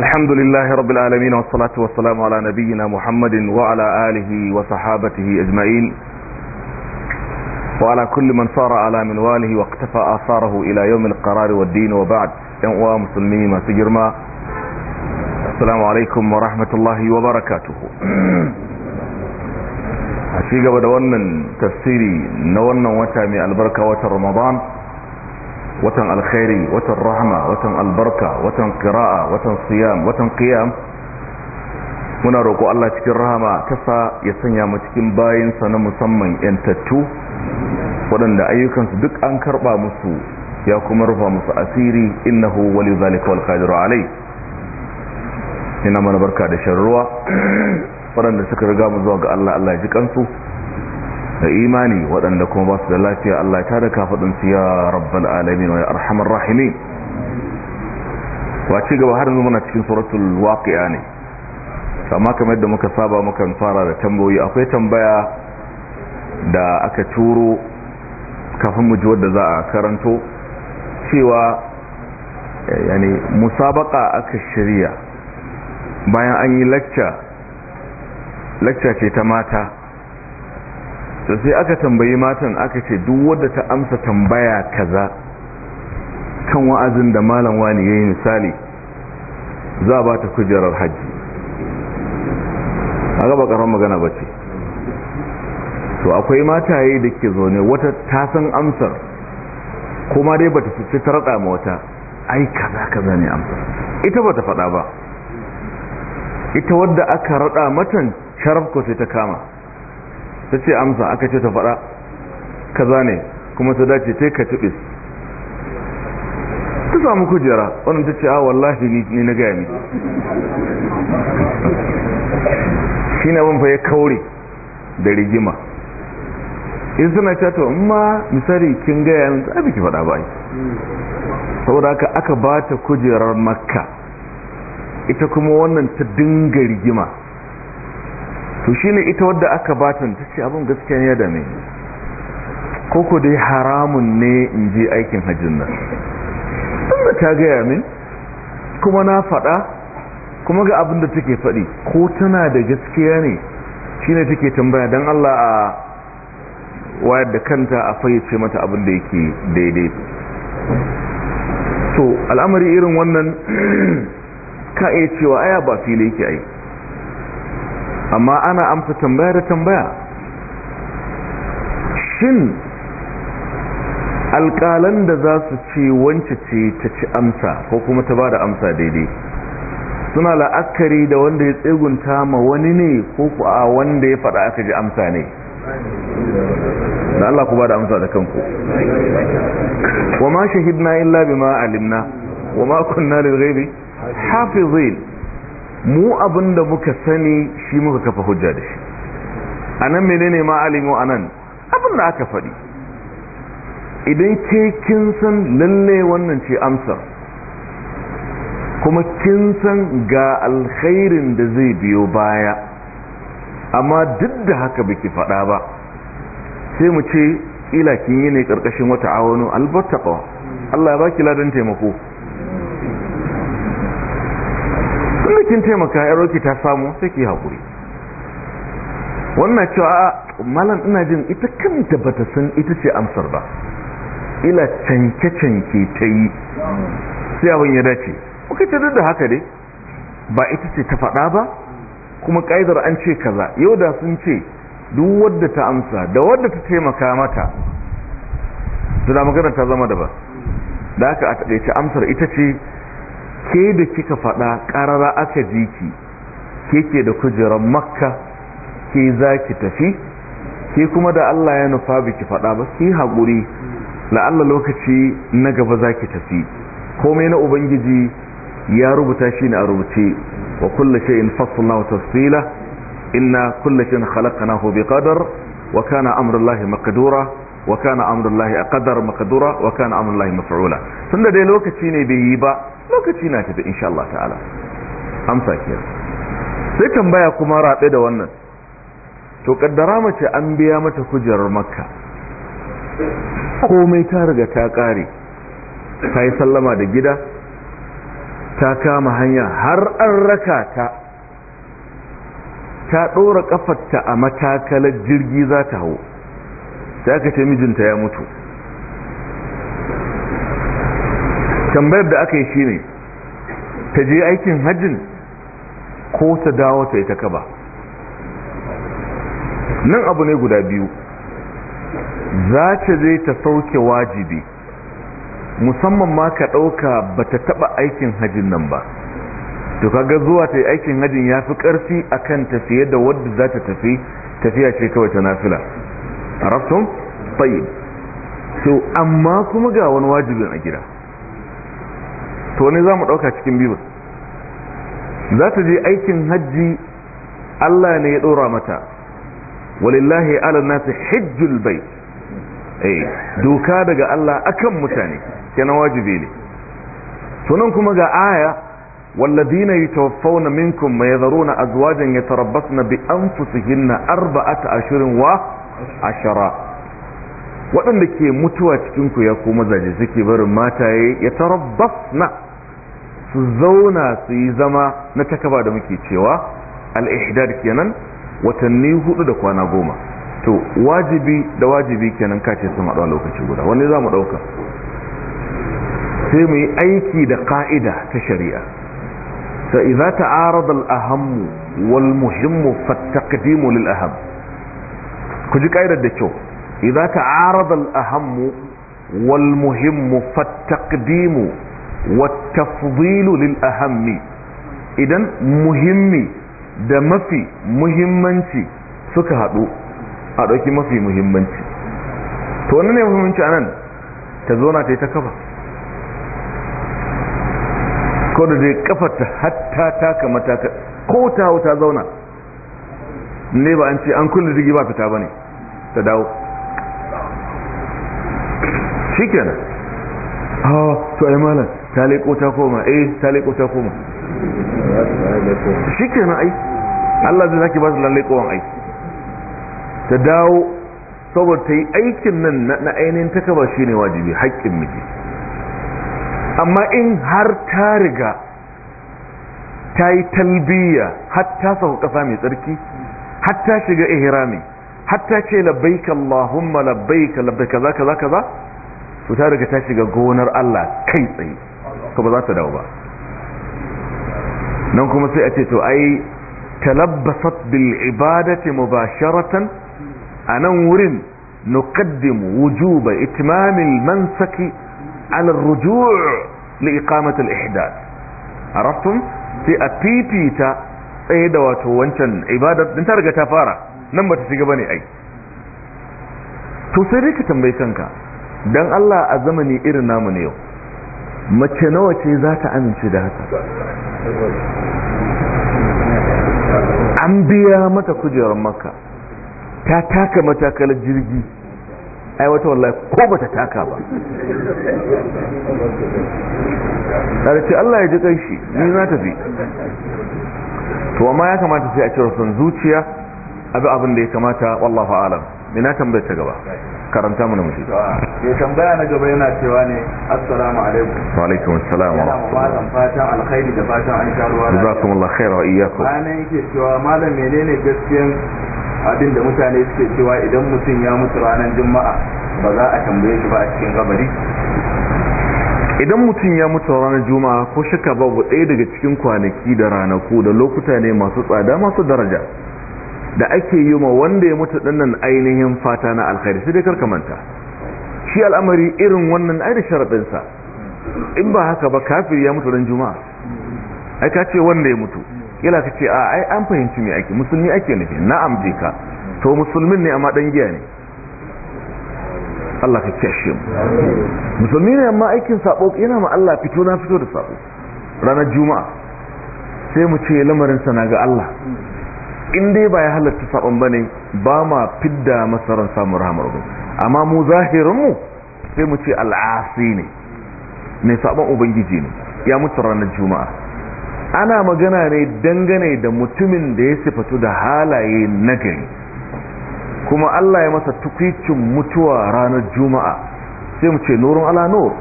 الحمد لله رب العالمين والصلاة والسلام على نبينا محمد وعلى آله وصحابته أجمعين وعلى كل من صار على منواله واقتفى آثاره إلى يوم القرار والدين وبعد ينقوى مسلمين ما سجرما السلام عليكم ورحمة الله وبركاته أشيق بدونا تفسيري نونا وتامي البركة وترمضان رمضان watan alkhairi watan rahama watan albarka watan qira'a watan siyam watan qiyam muna roƙo Allah cikin rahama tasa ya sanya mu cikin sa na musamman yan yantattu waɗanda ayyukansu duk an karɓa musu ya kuma rufa musu asiri innahu wali zalika wal qadiru alai ina mana barka da sharruwa waɗanda suka riga mu zuwa ga Allah Allah ya ji kansu da imani waɗanda kuma ba su da lafiya Allah ya tada kafaɗinsu ya rabbal alamin wa ya arhamar rahimin ci gaba har yanzu muna cikin suratul waqi'a ne amma kamar yadda muka saba mukan fara da tambayoyi akwai tambaya da aka turo kafin mu ji wadda za a karanto cewa eh, yani musabaka aka shirya bayan an yi lacca lacca ce ta mata to sai aka tambayi matan aka ce duk wadda ta amsa tambaya kaza kan wa'azin da malam wani yi misali za ba ta kujerar hajji a gaba karon magana bace to akwai mataye da ke zaune wata ta san amsar kuma dai bata fice ta rada ma wata ai kaza kaza ne amsar ita bata faɗa ba ita wadda aka rada matan sharaf ko sai ta kama ta ce amsa aka ce ta faɗa kaza ne kuma ta dace ta ka tubis ta samu kujera wannan ta ce a ah, wallahi ni na gaya miki shi na fa ya da rigima in suna cato ma misali kin gaya min ta biki faɗa ba saboda haka aka ba ta kujerar makka ita kuma wannan ta dinga rigima to shi ne ita wadda aka batun ta ce abin gaskiya ne da ne koko dai haramun ne in je aikin hajjin nan da ta gaya min kuma na faɗa kuma ga abin da take faɗi ko tana da gaskiya ne shi ne take tambaya don allah a wayar da kanta a fayyace mata abin da yake daidai to al'amari irin wannan ka iya cewa aya ba fili yake aiki amma ana amsa tambaya da tambaya shin alƙalan da za su ce wance ce ta ci amsa ko kuma ta ba da amsa daidai suna la'akari da wanda ya tsegunta ma wani ne ko kuwa wanda ya faɗa aka ji amsa ne da Allah ku ba da amsa da kanku wa ma shahidna illa bima alimna wa ma kunna lil ghaibi hafizin mu abin da muka sani shi muka kafa hujja da shi a nan menene ma'alimu alimu a nan abin da aka faɗi idan ke kin san lalle wannan ce amsar kuma kin san ga alkhairin da zai biyo baya amma duk da haka biki faɗa ba sai mu ce ila kin yi ne ƙarƙashin wata awonu albattaƙawa Allah ya baki ladan taimako dole kin taimaka yaroki ta samu sai ki haƙuri wannan cewa a malam ina jin ita kanta bata san ita ce amsar ba ila canke-canke ta yi sai abin ya dace muka ce duk da haka dai ba ita ce ta faɗa ba kuma ƙa'idar an ce kaza yau da sun ce duk wadda ta amsa da wadda ta taimaka mata suna magana ta zama da ba da haka a taƙaice amsar ita ce ke da kika faɗa ƙarara aka ji ki ke ke da kujerar makka ke za ki tafi ke kuma da allah ya nufa biki faɗa ba ki haƙuri la'alla lokaci na gaba za ki tafi komai na ubangiji ya rubuta shi ne a rubuce wa kulle shay'in na wa tafsila inna kulle shay'in khalaqnahu biqadar wa kana amrullahi maqdura wa kana amrullahi aqdar maqdura wa kana amrullahi maf'ula tunda dai lokaci ne bai yi ba lokaci na tafi insha Allah ta'ala amsa ke sai tambaya kuma rabe da wannan to kaddara mace an biya mata kujerar makka komai ta riga ta ƙare, ta yi sallama da gida ta kama hanya har an raka ta ta ɗora ƙafarta a matakalar jirgi za ta hau ta aka mijinta ya mutu tambayar da aka yi shi ne, ta je aikin hajjin ko ta dawo ta yi ta kaba nan abu ne guda biyu za ta zai ta sauke wajibi musamman ma ka ɗauka ba ta taɓa aikin hajjin nan ba to kaga zuwa ta yi aikin hajjin ya fi ƙarfi a kan tafiye da wadda za ta tafi tafiya ce kawai ta nafila a rafton tsaye so amma kuma ga wani wajibin a gida to ne za mu ɗauka cikin biyu za ta je aikin hajji allah ne ya ɗora mata walillahi ala nasi hijjul bai eh, doka daga allah akan mutane kenan wajibi ne tunan kuma ga aya والذين يتوفون منكم ويذرون أزواجا يتربصن بأنفسهن أربعة أشهر وعشرة waɗanda ke mutuwa cikin ku ya ko mazaje suke barin mataye ya na su zauna su yi zama na takaba da muke cewa al kenan watanni hudu da kwana goma to wajibi da wajibi kenan kace sun haɗu a lokaci guda wani za mu ɗauka sai mu yi aiki da ka'ida ta shari'a ta iza ta al-ahammu wal muhimmu fattakadimu lil aham ku ji ƙa'idar da kyau idza ta'arada al-ahammu wal muhimmu fattaqdimu wat tafdilu idan muhimmi da mafi muhimmanci suka haɗu a ɗauki mafi muhimmanci to wani ne muhimmanci a nan ta zo na ta yi ta kafa ko da zai kafarta hatta ta kama ta ko ta hau ta zauna ne ba an ce an kulle jirgi ba fita ba ne ta dawo shikenan ah to ai malam ta leko ta koma eh ta leko ta koma shikenan ai Allah zai zaki ba su lalle kowan ai ta dawo saboda ta yi aikin nan na ainihin takaba shi ne wajibi haƙƙin miji amma in har ta riga ta yi talbiya har ta sauka ƙasa mai tsarki har ta shiga ihrami har ta ce labbaik Allahumma labbaik labbaik kaza kaza kaza su ta daga ta shiga gonar Allah kai tsaye kuma za ta dawo ba nan kuma sai a ce to ai talabbasat bil ibadati mubasharatan a nan wurin nuqaddimu wujuba itimamin mansaki ala rujuu li iqamati al ihdath arabtum sai a pipita tsaye da wato wancan ibadar din ta riga ta fara nan ba ta shiga ne ai to sai ka tambayi kanka don Allah a zamani irin namu ne yau mace nawa ce za ta amince da haka an biya mata kujerar maka ta taka matakalar jirgi ai wata wallahi ko bata taka ba ce Allah ya ji kanshi ni za ta fi. to amma ya kamata sai a cire son zuciya abi abin da ya kamata wallahu alam ina tambayar ta gaba karanta mana mutu. ya tambaya na gaba yana cewa ne assalamu alaikum wa alaikum assalam wa rahmatullahi fatan alkhairi da fatan an sha ruwa jazakumullahu khairan wa iyyakum ana yake cewa malam menene gaskiyan abin da mutane suke cewa idan mutum ya mutu ranar juma'a ba za a tambaye shi ba a cikin kabari idan mutum ya mutu ranar juma'a ko shaka babu ɗaya daga cikin kwanaki da ranaku da lokuta ne masu tsada masu daraja da ake yi ma wanda ya mutu dinnan ainihin fata na alkhairi sai dai karka manta shi al'amari irin wannan ai da sharadin sa in ba haka ba kafir ya mutu ran juma'a ai ka ce wanda ya mutu kila ka ce a ai an fahimci me ake musulmi ake nufi na'am je ka to musulmin ne amma dan giya ne Allah ka kyashe mu musulmi ne amma aikin sabo yana ma Allah fito na fito da sabo ranar juma'a sai mu ce lamarin sana ga Allah in dai ba ya halatta sabon bane ba ma fidda masaran samun rahamar ubangiji amma mu zahirin mu sai mu ce al'asi ne mai sabon ubangiji ne ya mutu ranar juma'a ana magana ne dangane da mutumin da ya sifatu da halaye nagari kuma Allah ya masa tukwicin mutuwa ranar juma'a sai mu ce nurun ala nur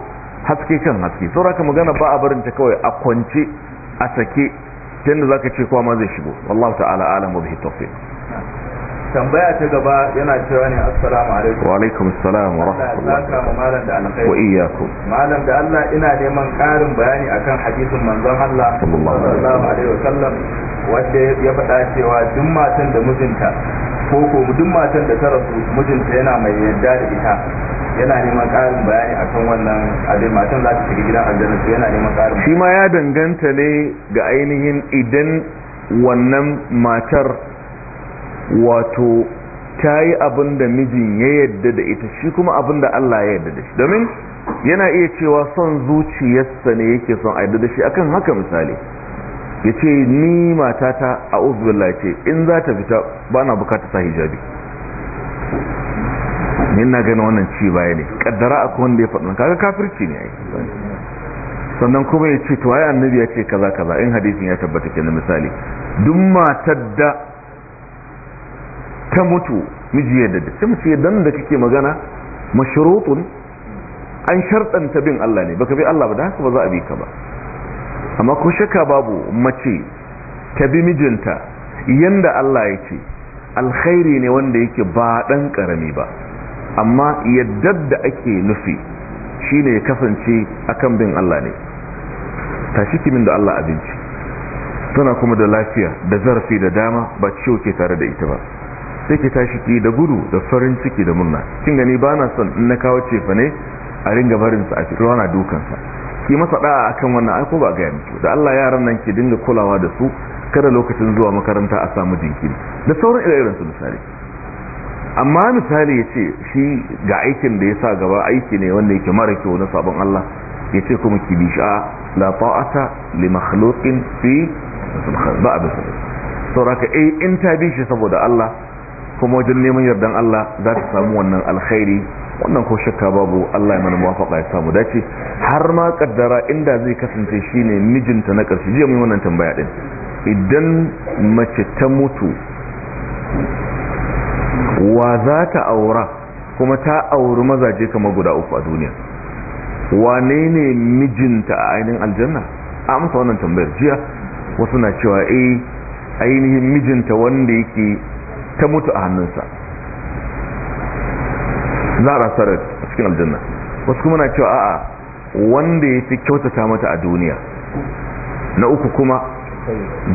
haske kan haske sauraka magana ba a barin ta kawai a kwance a sake ta yadda za ka ce kowa ma zai shigo wallahu ta'ala alamu bihi tawfiq tambaya ta gaba yana cewa ne assalamu alaikum wa alaikum assalam wa rahmatullahi wa iyyakum malam da Allah ina neman karin bayani akan hadisin manzon Allah sallallahu alaihi wa sallam wanda ya faɗa cewa duk matan da mijinta ko ko duk matan da ta rasu mijinta yana mai yadda da ita yana neman ƙarin bayani akan wannan abin matan za su shiga gidan aljanna su yana neman ƙarin shi ma ya danganta ne ga ainihin idan wannan matar wato ta yi abin da mijin ya yadda da ita shi kuma abin da Allah ya yadda da shi domin yana iya cewa son zuciyarsa ne yake son a yadda da shi akan haka misali ya ce ni matata a uzbillah ce in za ta fita ba na bukata sa hijabi ne na gani wannan ci baya ne kaddara akwai wanda ya faɗi kaga kafirci ne sannan kuma ya ce tuwaye annabi ya ce kaza kaza in hadisin ya tabbata ke na misali duk matar da ta mutu miji yadda da ta mutu dan da kake magana mashrutun an sharɗanta bin Allah ne baka bi Allah ba da haka ba za a bi ka ba amma ko shaka babu mace ta bi mijinta yanda Allah ya ce alkhairi ne wanda yake ba dan karami ba amma yadda da ake nufi shine ya kasance kan bin Allah ne tashi kimin da Allah abinci tana kuma da lafiya da zarafi da dama ba ciwo ke tare da ita ba sai ki tashi ki da gudu da farin ciki da murna kin gani ba na son in na kawo cefa ne a ringa barin a cikin rana dukansa ki masa a akan wannan ai ko ba ga yanki da Allah yaran nan ki dinga kulawa da su kada lokacin zuwa makaranta a samu jinkiri da sauran irin su misali amma misali ya ce shi ga aikin da ya sa gaba aiki ne wanda yake mara kyau na sabon Allah ya ce kuma ki bi la ta'ata li makhluqin fi ba abu sauraka eh in ta bi shi saboda Allah kuma wajen neman yardan Allah za ta samu wannan alkhairi wannan ko shakka babu Allah ya mana muwafaqa ya samu dace har ma kaddara inda zai kasance shine mijinta na karshe je mu wannan tambaya din idan mace ta mutu wa za ta aura kuma ta auri mazaje kama guda uku a duniya wane ne mijinta a ainihin aljanna a amsa wannan tambayar jiya wasu na cewa eh, ainihin mijinta wanda yake ta mutu a hannunsa za a a cikin aljanna wasu kuma na cewa a'a wanda ya fi kyautata mata a duniya na uku kuma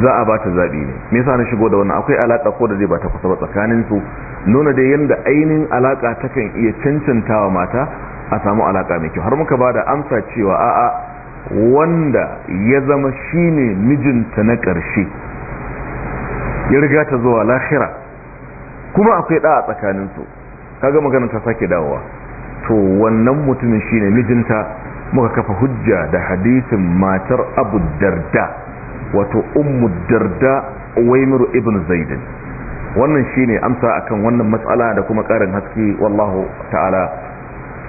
za a ta zaɓi ne me yasa na shigo da wannan akwai alaƙa ko da zai ba ta kusa ba tsakanin su nuna dai yanda ainihin alaƙa ta kan iya cancanta wa mata a samu alaƙa mai kyau har muka ba da amsa cewa a'a wanda ya zama shine mijinta na ƙarshe ya riga ta zuwa lahira kuma akwai ɗa a tsakanin su kaga magana ta sake dawowa to wannan mutumin shine mijinta muka kafa hujja da hadisin matar abu darda wato ummu darda waimaru ibn zaidin wannan shine amsa akan wannan matsala da kuma karin haske wallahu ta'ala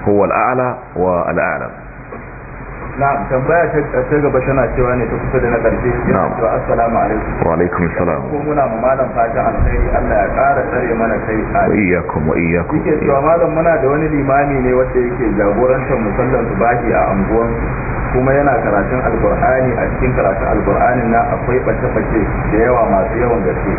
huwa al'ala wa al'alam na'am tambaya ta gaba tana cewa ne ta kusa da na karshe na'am to assalamu alaikum wa alaikum salam ko muna ma malam fata alkhairi Allah ya ƙara tsare mana kai a iyyakum wa iyyakum yake cewa malam muna da wani limami ne wanda yake jagorantar musallan subahi a anguwan kuma yana karatun alkur'ani a cikin karatun alkur'ani na akwai bace-bace da yawa masu yawan gaske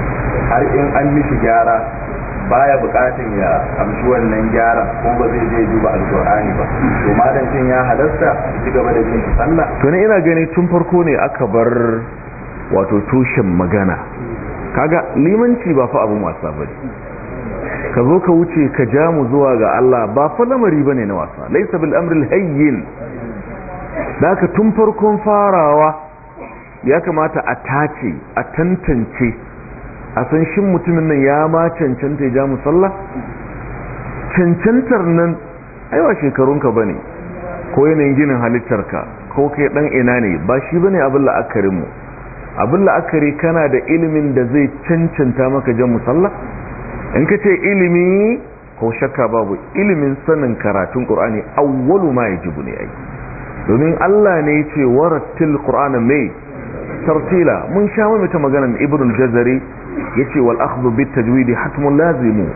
har in an mishi gyara baya bukatun ya amshi wannan gyara ko ba zai je duba alkur'ani ba to madan cin ya halarta, ci gaba da jin sallah to ne ina gani tun farko ne aka bar wato tushen magana kaga limanci ba fa abun wasa bane ka zo ka wuce ka ja mu zuwa ga Allah ba fa lamari bane na wasa laysa bil amril hayyin da ka tun farkon farawa ya kamata a tace a tantance a san shin mutumin nan ya ma cancanta ya ja musalla cancantar nan aiwa shekarunka ba ne ko yanayin ginin halittarka ko kai dan ina ne ba shi ba ne abin mu abin la'akari kana da ilimin da zai cancanta maka jan musalla in ka ce ilimi ko shakka babu ilimin sanin karatun ƙur'ani awwalu ma yajibu ne ai domin Allah ne ya ce warattil qur'ana mai tartila mun sha mai ta maganar ibn jazari yace wal akhdhu bit tajwid hatmun lazimu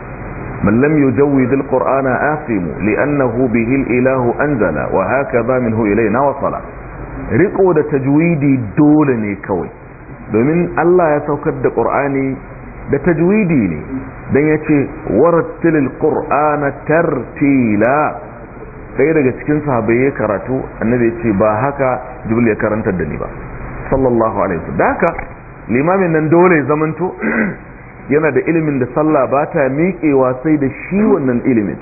من لم يجود bihi al ilahu anzala wa hakadha minhu ilayna wasala riqo da tajwidi dole ne kawai domin Allah ya saukar da Qur'ani da tajwidi ne dan yace al qur'ana tartila sai daga cikin sahabbai ya karatu annabi yace ba haka jibril ya karantar da ni ba sallallahu alaihi wasallam limamin nan dole zamanto yana da ilimin da sallah ba ta miƙewa sai da shi wannan ilimin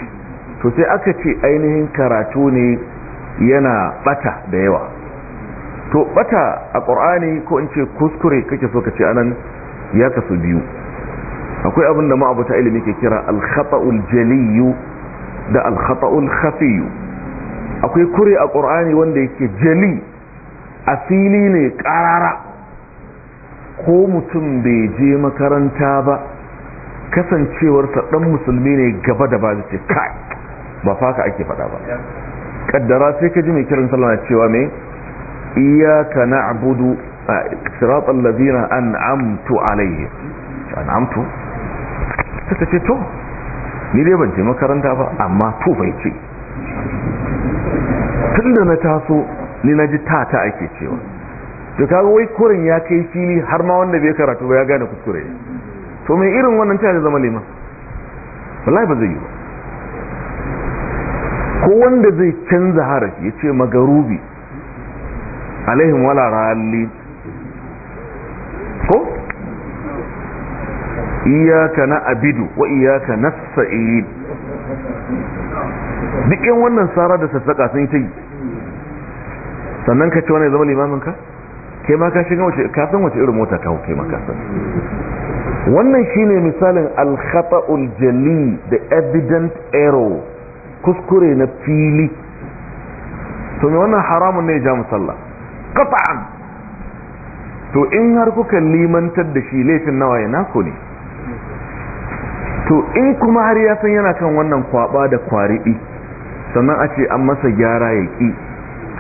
to sai aka ce ainihin karatu ne yana bata da yawa to bata a ƙorani ko in ce kuskure kake so ka ce anan ya kasu biyu akwai abin da ma'abuta ilimi ke kira alkhata'ul jaliyu da alkhata'ul khafiyu akwai kure a ƙorani wanda yake jali asili ne ƙarara ko mutum bai je makaranta ba kasancewarsa ɗan musulmi ne gaba da ba ce kai ba faka ake faɗa ba kaddara sai ka ji mai kiran sallah cewa me iyyaka na'budu siratal ladina an'amtu An an'amtu ta ce to ni dai ban je makaranta ba amma to bai ce tunda na taso ni naji tata ake cewa to kaga wai kurin ya kai fili har ma wanda bai karatu ba ya gane kuskure to mai irin wannan ta zama liman wallahi ba zai yi ba ko wanda zai canza harafi ya ce magarubi alaihim wala ralli ko iyaka na abidu wa iyaka na sa'id duk yan wannan tsara da sassaƙa sun yi ta yi sannan ka ce wani zama limaminka kai ma ka shiga wace ka wace irin mota ka kai ma ka san wannan shine misalin al-khata'ul jali da evident error kuskure na fili to me wannan haramun ne ja musalla qat'an to in har kuka limantar da shi laifin nawaye nako ne to in kuma har ya san yana kan wannan kwaba da kwariɗi sannan a ce an masa gyara ya ƙi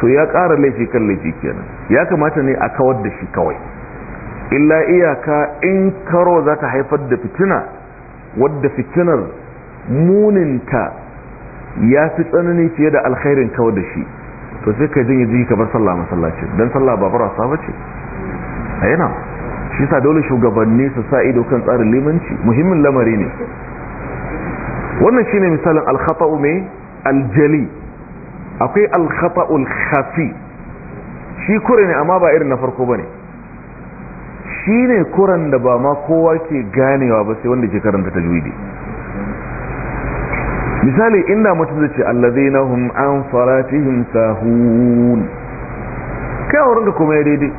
to ya ƙara laifi kan laifi kenan ya kamata ne a kawar da shi kawai illa iyaka in karo za ta haifar da fitina wadda fitinar muninta ya fi tsanani fiye da alkhairin kawar da shi to sai ka jini jiki kamar sallah masallaci don sallah ba bara sa bace a yana shi sa dole shugabanni su sa ido kan tsarin limanci muhimmin lamari ne wannan shine misalin alkhata'u mai aljali akwai alkhata'ul khafi shi kure ne amma ba irin na farko bane shi ne kuran da ba ma kowa ke ganewa ba sai wanda ke karanta tajwidi misali inda mutum zai ce allazina hum an salatihim sahun kai wurin ka kuma daidai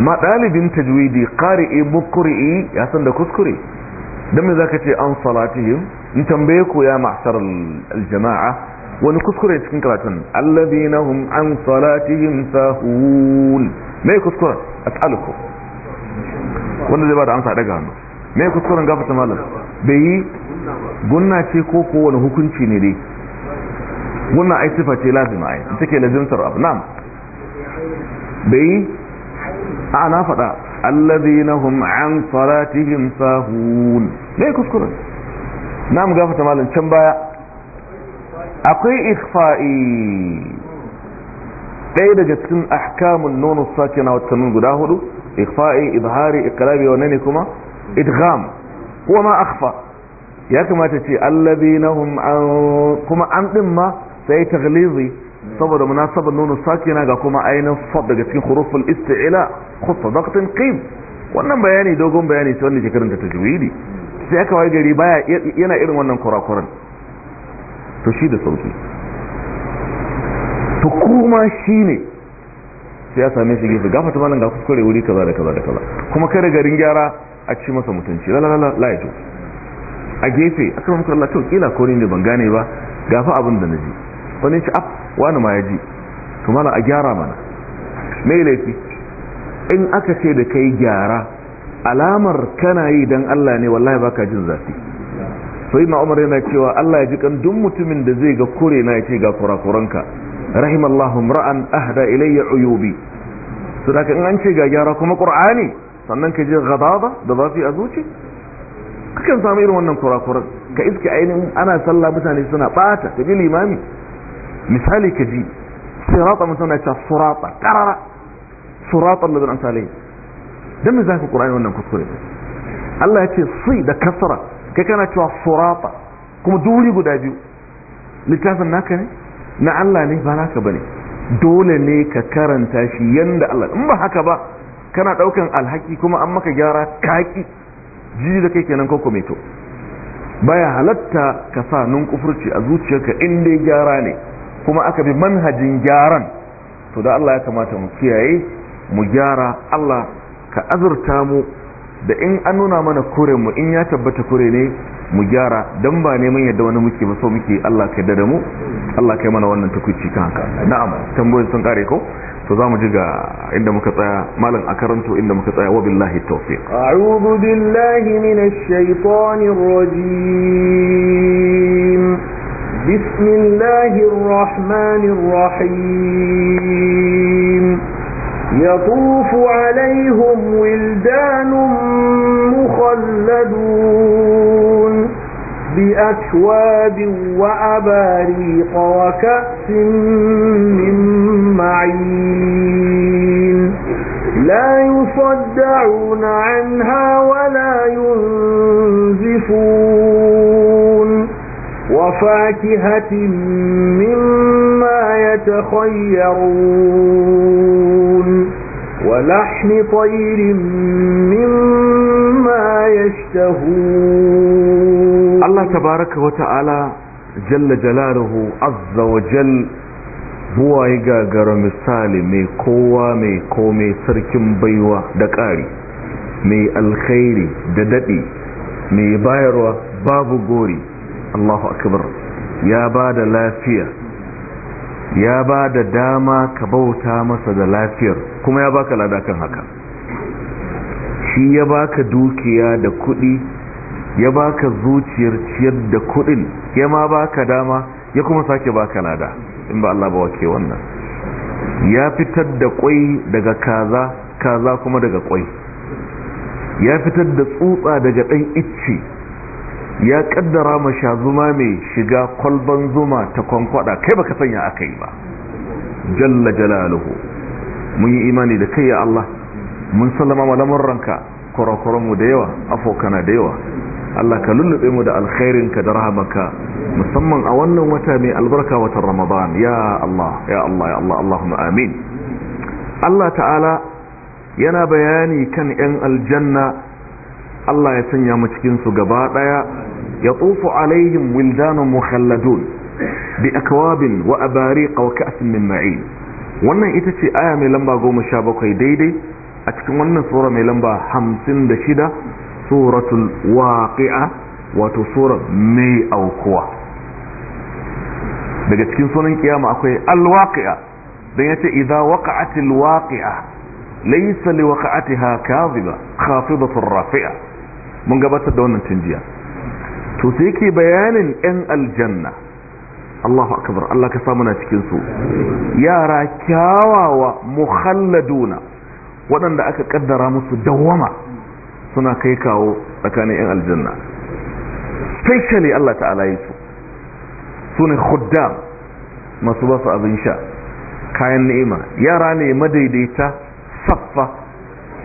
amma ɗalibin tajwidi qari'i muqri'i ya san da kuskure dan me zaka ce an salatihim in tambaye ku ya ma'sar al-jama'a wani kuskure cikin karatun allazina hum an salatihim sahun me kuskure as'aluku wanda zai ba da amsa daga hannu me kuskuren gafarta malam bai yi gunna ce ko ko wani hukunci ne dai gunna ai sifa ce lazima ai take lazimtar abu na'am bai yi a na faɗa allazina hum an salatihim sahun me kuskure na'am gafata malam can baya akwai ikhfa'i ɗaya daga cikin ahkamun nono sake na watannin guda hudu ikfa'i ibhari ikrabi wa ne kuma idgham kuma ma akhfa ya kamata ce allazina hum kuma an din ma sai taghlizi saboda munasabar nono na ga kuma ainihin sab daga cikin huruful isti'la kusa daqtin qim wannan bayani dogon bayani sai wanda ke karanta tajwidi sai aka wai gari baya yana irin wannan kurakuran to shi da sauki to kuma shi ne sai ya same shi gefe gafata malam ga kuskure wuri kaza da kaza da kaza kuma kare garin gyara a ci masa mutunci lalala la a gefe aka mamka Allah to kila ko ne ban gane ba gafa abin da na ji wani ya ci ap ah, wani ma ya ji to malam a gyara mana mai laifi in aka ce da kai gyara alamar kana yi dan Allah ne wallahi baka jin zafi sai na umar yana cewa Allah ya ji kan duk mutumin da zai ga kure na ya ce ga kurakuranka rahimallahu ra'an ahda ilayya uyubi su da in an ce ga gyara kuma qur'ani sannan ka je gadaba da zafi a zuci kakan samu irin wannan kurakuran ka iske ainihin ana sallah mutane suna bata ka ji limami misali ka ji sirata mutane ta surata karara surata ladin sale, dan me zaka qur'ani wannan kuskure Allah ya ce sai da kasara kai kana cewa surata kuma duri guda biyu littafin naka ne na Allah ne ba naka bane dole ne ka karanta shi yanda Allah in ba haka ba kana daukan alhaki kuma an maka gyara kaki jiji da kai kenan koko mai to baya halatta ka sa nun kufurci a zuciyarka in dai gyara ne kuma aka bi manhajin gyaran to da Allah ya kamata mu kiyaye mu gyara Allah ka azurta mu da in an nuna mana kure mu in ya tabbata kore ne mu gyara dan ba neman yadda wani muke ba so muke Allah ka yarda da mu Allah kai mana wannan tukuci ka haka na'am tambayoyin sun kare ko to zamu ji ga inda muka tsaya malam a karanto inda muka tsaya wabillahi tawfiq a'udhu billahi minash shaitanir rajim bismillahir rahmanir rahim يطوف عليهم ولدان مخلدون بأكواب وأباريق وكأس من معين لا يصدعون عنها ولا ينزفون وفاكهة مما يتخيرون ولحم طير مما يشتهون الله تبارك وتعالى جل جلاله عز وجل buwa ya gagara misali mai kowa mai komai sarkin baiwa da ƙari mai alkhairi da daɗi mai bayarwa babu gori Allahu akbar ya ba da lafiya ya ba da dama ka bauta masa da lafiyar kuma ya baka lada kan haka shi ya baka dukiya da kuɗi ya baka zuciyar ciyar da kuɗin ya ma baka dama ya kuma sake baka lada in ba Allah ba wake wannan ya fitar da kwai daga kaza kaza kuma daga kwai ya fitar da tsutsa daga dan icce ya kaddara masha zuma mai shiga kwalban zuma ta kwankwada kai baka sanya aka yi ba jalla jalaluhu mun yi imani da kai ya Allah mun sallama ma lamurranka kurakuran mu da yawa afokana da yawa Allah ka lullube mu da ka da ka. musamman a wannan wata mai albarka watan Ramadan ya Allah ya Allah ya Allah Allahumma amin Allah ta'ala yana bayani kan 'yan aljanna Allah ya sanya mu cikin su gaba daya ya tufu alaihim wildanun mukhalladun bi akwabin wa abariq wa ka'sin min ma'in wannan ita ce aya mai lamba 17 daidai a cikin wannan sura mai lamba 56 suratul waqi'a wato sura mai aukuwa daga cikin sunan kiyama akwai alwaqi'a dan yace idza waqa'atil waqi'a laysa liwaqa'atiha kadhiba khafidatur rafi'a mun gabatar da wannan tun to sai yake bayanin yan aljanna Allahu akbar Allah ka samu na cikin su yara kyawawa muhalladuna waɗanda aka kaddara musu dawama suna kai kawo tsakanin yan aljanna specially Allah ta'ala yi su sune khuddam masu basu abin sha kayan ni'ima yara ne madaidaita saffa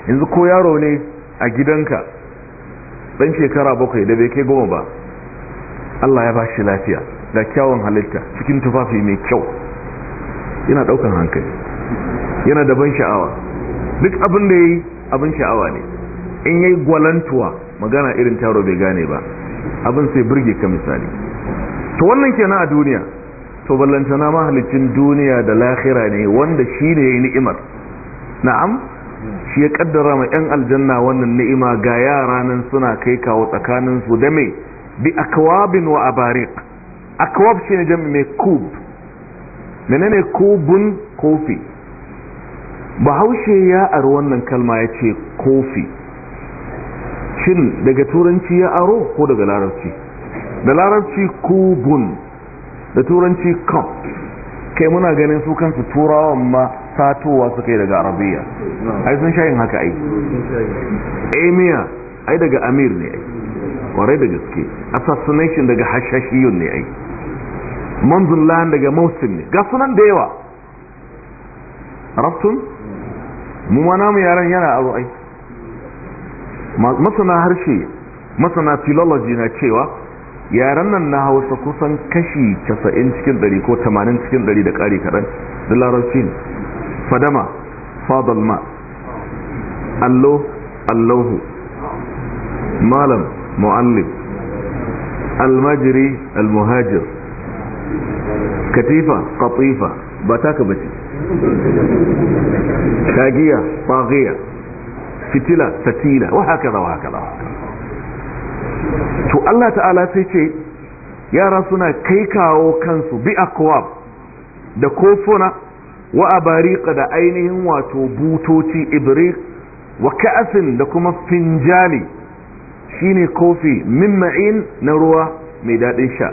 yanzu ko yaro ne a gidanka dan shekara bakwai da bai kai goma ba Allah ya bashi lafiya da kyawun halitta cikin tufafi mai kyau yana daukan hankali yana da ban sha'awa duk abin da yayi abin sha'awa ne in yayi gwalantuwa magana irin taro bai gane ba abin sai burge ka misali to wannan kenan a duniya to ballantana mahalicin duniya da lahira ne wanda shi shine yayi ni'imar na'am shi ya kaddara ma 'yan aljanna wannan ni'ima ga yara nan suna kai kawo tsakanin su da mai bi akwabin wa abariq akwab ne jami mai kub menene kubun kofi bahaushe ya aro wannan kalma ya ce kofi shin daga turanci ya aro ko daga larabci da larabci kubun da turanci cup kai muna ganin su kansu turawan ma satowa suka yi daga arabiya ai sun shayin haka ai emir ai daga amir ne ai kwarai da gaske assassination daga hashashiyun ne ai lahan daga mausin ne ga sunan da yawa rabtun mu ma namu yaren yana aro ai masana harshe masana philology na cewa yaren nan na hausa kusan kashi 90 cikin 100 ko 80 cikin 100 da ƙari kaɗan da larabci ne fadama fadal ma allo allahu malam mu'allim almajiri almuhajir katifa katifa ba taka bace tagiya tagiya fitila fatila wa haka da wa to Allah ta'ala sai ce yara suna kai kawo kansu bi akwab da kofuna wa abariqa da ainihin wato butoci ibrik wa ka'asin da kuma finjali shine kofi min ma'in na ruwa mai daɗin sha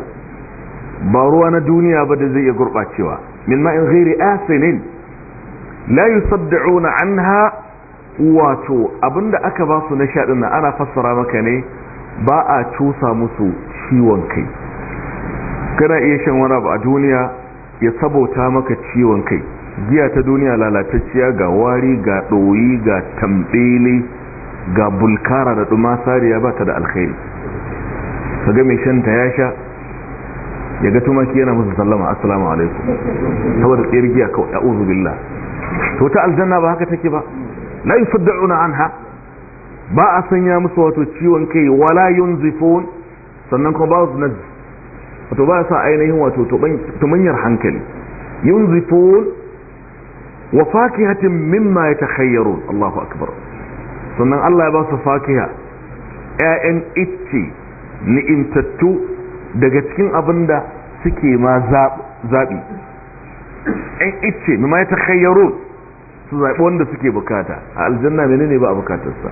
ba ruwa na duniya ba da zai iya gurɓacewa min ma'in ghairi asinin la yusaddauna anha wato abinda aka ba su na sha na ana fassara maka ne ba a cusa musu ciwon kai kana iya shan wani abu a duniya ya sabota maka ciwon kai giya ta duniya lalatacciya ga wari ga ɗoyi ga tambele ga bulkara da dumasariya ba ta da alkhairi ka ga mai shanta ya sha ya ga tumaki yana musu sallama assalamu alaikum saboda tsayar giya kawai a uzu billah to ta aljanna ba haka take ba la yusaddauna anha ba a sanya musu wato ciwon kai wala yunzifun sannan kuma ba su nazi wato ba sa ainihin wato tumanyar hankali yunzifun wa fakihatin mimma yatahayyarun Allahu akbar sannan Allah ya ba su fakiha ƴaƴan icce ni'intattu daga cikin abin da suke ma zaɓi ƴan icce mimma yatahayyarun su zaɓi wanda suke bukata a aljanna menene ba a bukatarsa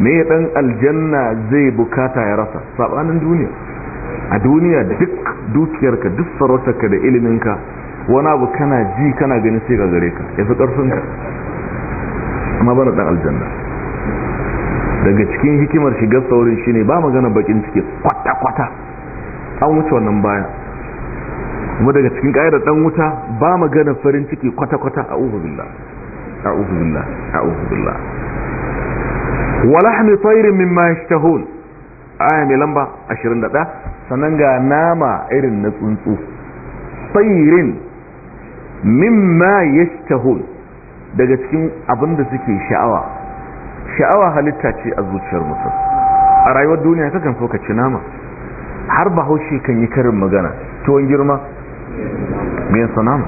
me dan aljanna zai bukata ya rasa saɓanin duniya a duniya duk dukiyarka duk sarautarka da iliminka wani abu kana ji kana gani sai ga gare ka ya fi ƙarfinka amma bana ɗan aljanna daga cikin hikimar shigar saurin shine ba magana bakin ciki kwata-kwata an wuce wannan baya kuma daga cikin ƙa'idar ɗan wuta ba magana farin ciki kwata-kwata a uhubillah a uhubillah a uhubillah wala hami tsairin min ma yashtahun aya mai lamba 21 sannan ga nama irin na tsuntsu tsairin mimma yashtahun daga cikin abin da suke sha'awa sha'awa halitta ce a zuciyar mutum a rayuwar duniya kakan so ka ci nama har bahaushe kan yi karin magana tuwon girma miyansa nama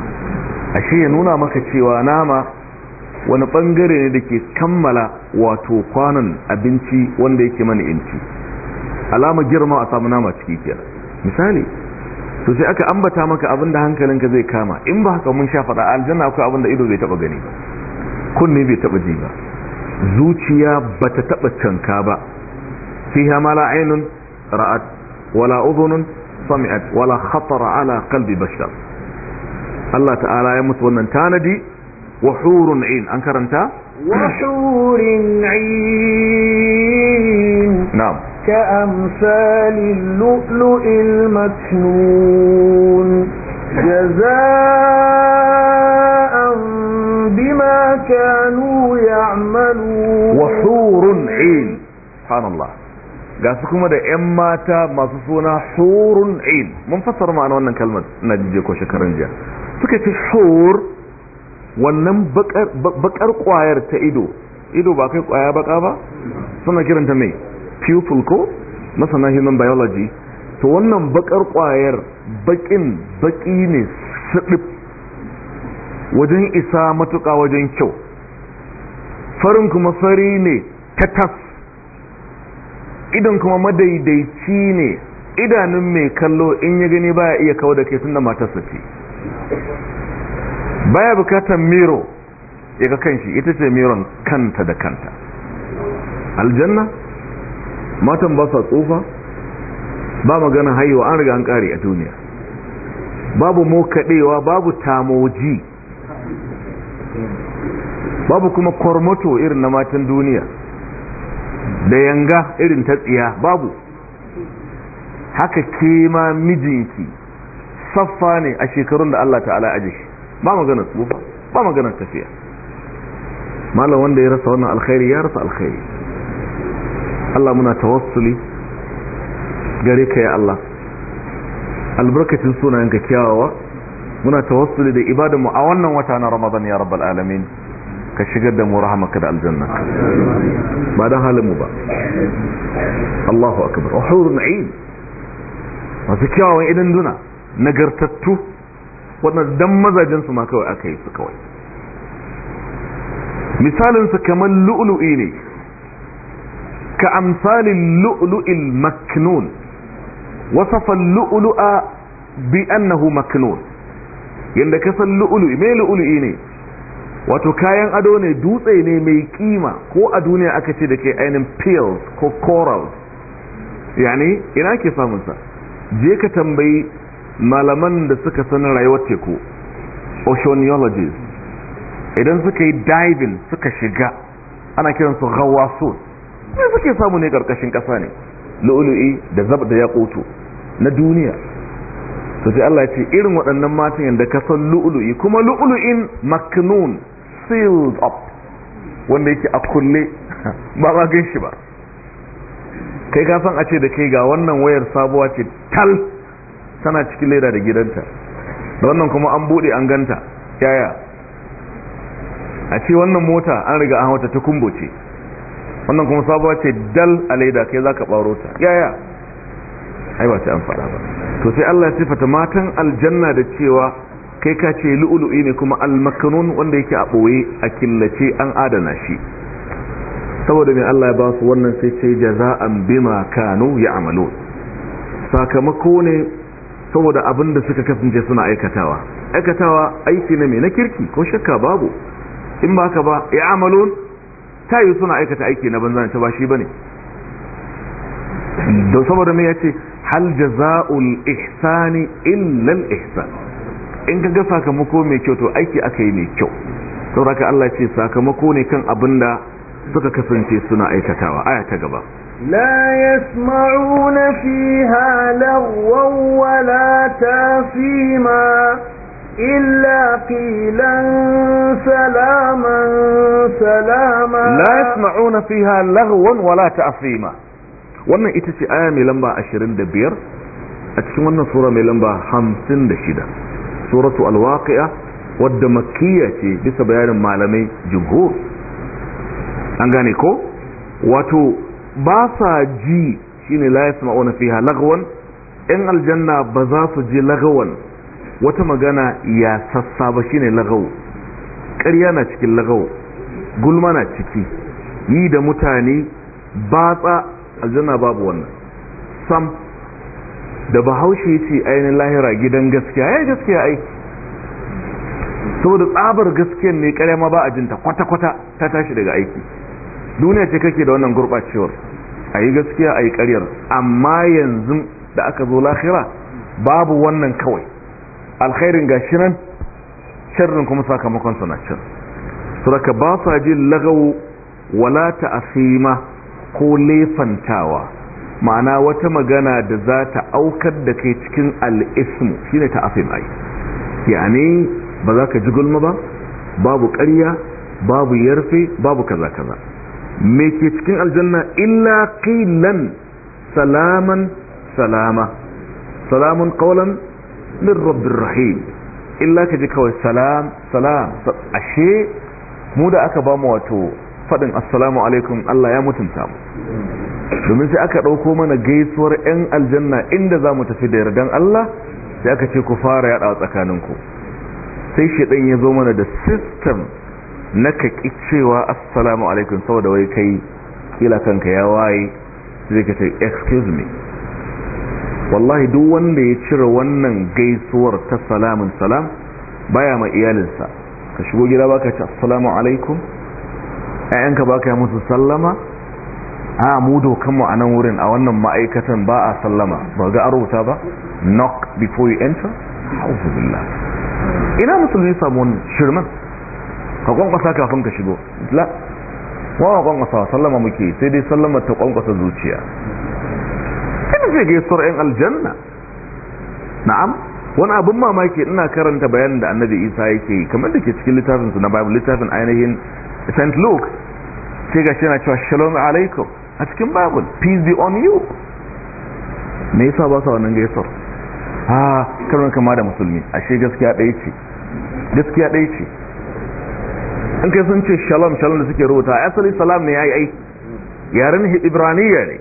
ashe ya nuna maka cewa nama wani bangare ne da ke kammala wato kwanan abinci wanda yake mana inci alama girma a samu nama ciki kiyar misali to sai aka ambata maka abin da hankalinka zai kama in ba haka mun sha faɗa aljanna akwai abin da ido bai taɓa gani ba kunne bai taɓa ji ba zuciya ba ta taɓa canka ba fiha ma la ainun ra'at wala udhunun sami'at wala khatara ala qalbi bashar Allah ta'ala ya mutu wannan tanadi wa hurun ain an karanta wa hurun ain na'am كأمثال اللؤلؤ المكنون جزاء بما كانوا يعملون وحور عين سبحان الله ga su kuma da ƴan mata masu suna hurun ain mun fassara ma'ana wannan kalmar na jije ko shekarun jiya suka ce hur wannan bakar kwayar ta ido ido ba kai kwaya baka ba suna kiranta mai pupil ko masana human biology to wannan bakar kwayar bakin baki ne sadif wajen isa matuka wajen kyau farin kuma fari ne katas idan kuma madaidaici ne idanun mai kallo in ya gani baya iya kawo da ke tunda matarsa ce baya bukatar miro ya ga kanshi ita ce miron kanta da kanta aljanna matan ba sa tsufa ba magana haihuwa an riga an kare a duniya babu mokaɗewa babu tamoji babu kuma kormato irin na matan duniya da yanga irin ta tsiya babu haka ke ma mijinki saffa ne a shekarun da Allah ta'ala aje shi ba magana tsufa ba magana tafiya malam wanda ya rasa wannan alkhairi ya rasa alkhairi Allah muna tawassuli gare ka ya Allah albarkacin sunayenka kyawawa muna tawassuli da ibadan mu a wannan wata na Ramadan ya rabbal alamin ka shigar da mu rahamaka da aljanna ba dan halin mu ba Allahu akbar uhurun na'im masu kyawawan idan duna nagartattu wannan dan mazajin su ma kawai aka yi su kawai misalin su kamar lu'lu'i ne كأمثال اللؤلؤ المكنون وصف اللؤلؤ بأنه مكنون yadda san lu'ulu'i mai lu'ulu'i ne wato kayan ado ne dutse ne mai kima ko a duniya aka ce da ke ainihin pearls ko corals yani ina ke samunsa je ka tambayi malaman da suka san rayuwar teku oceanologists idan suka yi diving suka shiga ana kiransu gawasus ne suke samu ne karkashin kasa ne lu'ulu'i da zab da yaqutu na duniya to sai Allah ya ce irin waɗannan matan yanda ka san lu'ulu'i kuma lu'ulu'in maknun sealed up wanda yake a kulle ba ma gan shi ba kai ka san a ce da kai ga wannan wayar sabuwa ce tal tana cikin leda da gidanta da wannan kuma an bude an ganta yaya a ce wannan mota an riga an hauta ta kumbo ce wannan kuma sabuwa ce dal a laida kai za ka ɓaro ta yaya ai ba ta an faɗa ba to sai Allah ya sifata matan aljanna da cewa kai ka ce lu'ulu'i ne kuma almakanun wanda yake a ɓoye a killace an adana shi saboda mai Allah ya ba su wannan sai ce jaza'an bima kanu amalo sakamako ne saboda abin da suka kasance suna aikatawa aikatawa aiki ne mai na kirki ko shakka babu in ba ka ba ya amalo ta yi suna aikata aiki na banza ta ba shi bane don saboda me yace hal jaza'ul ihsani illa al ihsan in ka ga sakamako mai kyau to aiki aka yi mai kyau saboda Allah ce sakamako ne kan da suka kasance suna aikatawa aya ta gaba لا يسمعون فيها لغوا ولا تاثيما إلا قيلا سلاما سلاما لا يسمعون فيها لغوا ولا تأثيما wannan ita ce aya mai lamba 25 a cikin wannan sura mai lamba 56 suratu alwaqi'a wadda makiya ce bisa bayanin malamai jumhur an gane ko wato ba sa ji shine la yasma'una fiha lagwan in aljanna ba za su ji lagawan wata magana ya sassa ba shine lagau ƙarya na cikin lagau gulma na ciki yi da mutane batsa aljanna babu wannan sam da bahaushe ce ainihin lahira gidan gaskiya ya gaskiya ai saboda tsabar gaskiyan ne ƙarya ma ba a jinta kwata-kwata ta tashi daga aiki duniya ce kake da wannan gurɓacewar a yi gaskiya a yi ƙaryar amma yanzu da aka zo lahira babu wannan kawai alkhairin gashi nan sharrin kuma sakamakon na su suraka ba sa jin lagawo wala ta'asima ko lefantawa ma'ana wata magana da za ta aukar da kai cikin al'ismu shine ta'asim ai yani ba za ka ji gulma ba babu ƙarya babu yarfe babu kaza kaza me ke cikin aljanna illa qilan salaman salama salamun qawlan min rabbir rahim illa ka ji kawai salam salam ashe mu da aka ba mu wato faɗin assalamu alaikum Allah ya mutunta mu domin sai aka ɗauko mana gaisuwar 'yan aljanna inda za mu tafi da yardan Allah sai aka ce ku fara yaɗa tsakaninku sai shaɗin ya zo mana da system na kaƙi cewa assalamu alaikum saboda wai kai kila kanka ya waye zai ka ce excuse me wallahi duk wanda ya cire wannan gaisuwar ta salamun salam baya ma iyalinsa ka shigo gida baka ce assalamu alaikum ayyanka baka yi musu sallama a mu dokanmu a nan wurin a wannan ma'aikatan ba a sallama ba ga arota ba knock before you enter hausu ina musulmi samu wani shirman ka kwankwasa kafin ka shigo la wawa kwankwasa sallama muke sai dai sallama ta kwankwasa zuciya ce gaisuwar 'yan aljanna na'am wani abin mamaki ina karanta bayanin da annabi isa yake kamar da ke cikin littafin su na bible littafin ainihin st luke ce ga shi na cewa shalom alaikum a cikin bible peace be on you me yasa ba sa wannan gaisuwar ah karin kama da musulmi ashe gaskiya ɗaya ce gaskiya ɗaya ce in kai sun ce shalom shalom da suke rubuta asali salam ne ya yi ai yaren ibraniya ne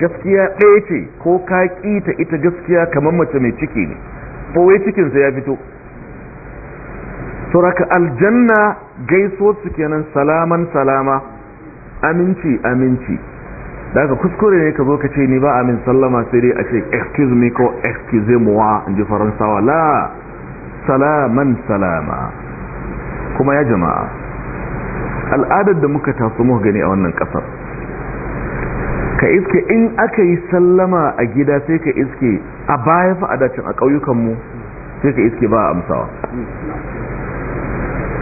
gaskiya ɗaya ce ko ka ta ita gaskiya kamar mace mai ciki ne ɓoye cikinsa ya fito suraka aljanna gaiso su kenan salaman salama aminci aminci daga kuskure ne ka zo ka ce ni ba amin sallama sai dai a ce excuse me ko excuse moi in ji faransawa la salaman salama kuma ya jama'a al'adar da muka taso muka gani a wannan kasar ka iske in aka yi sallama a gida sai ka iske a baya fa a a ƙauyukanmu sai ka iske ba a amsawa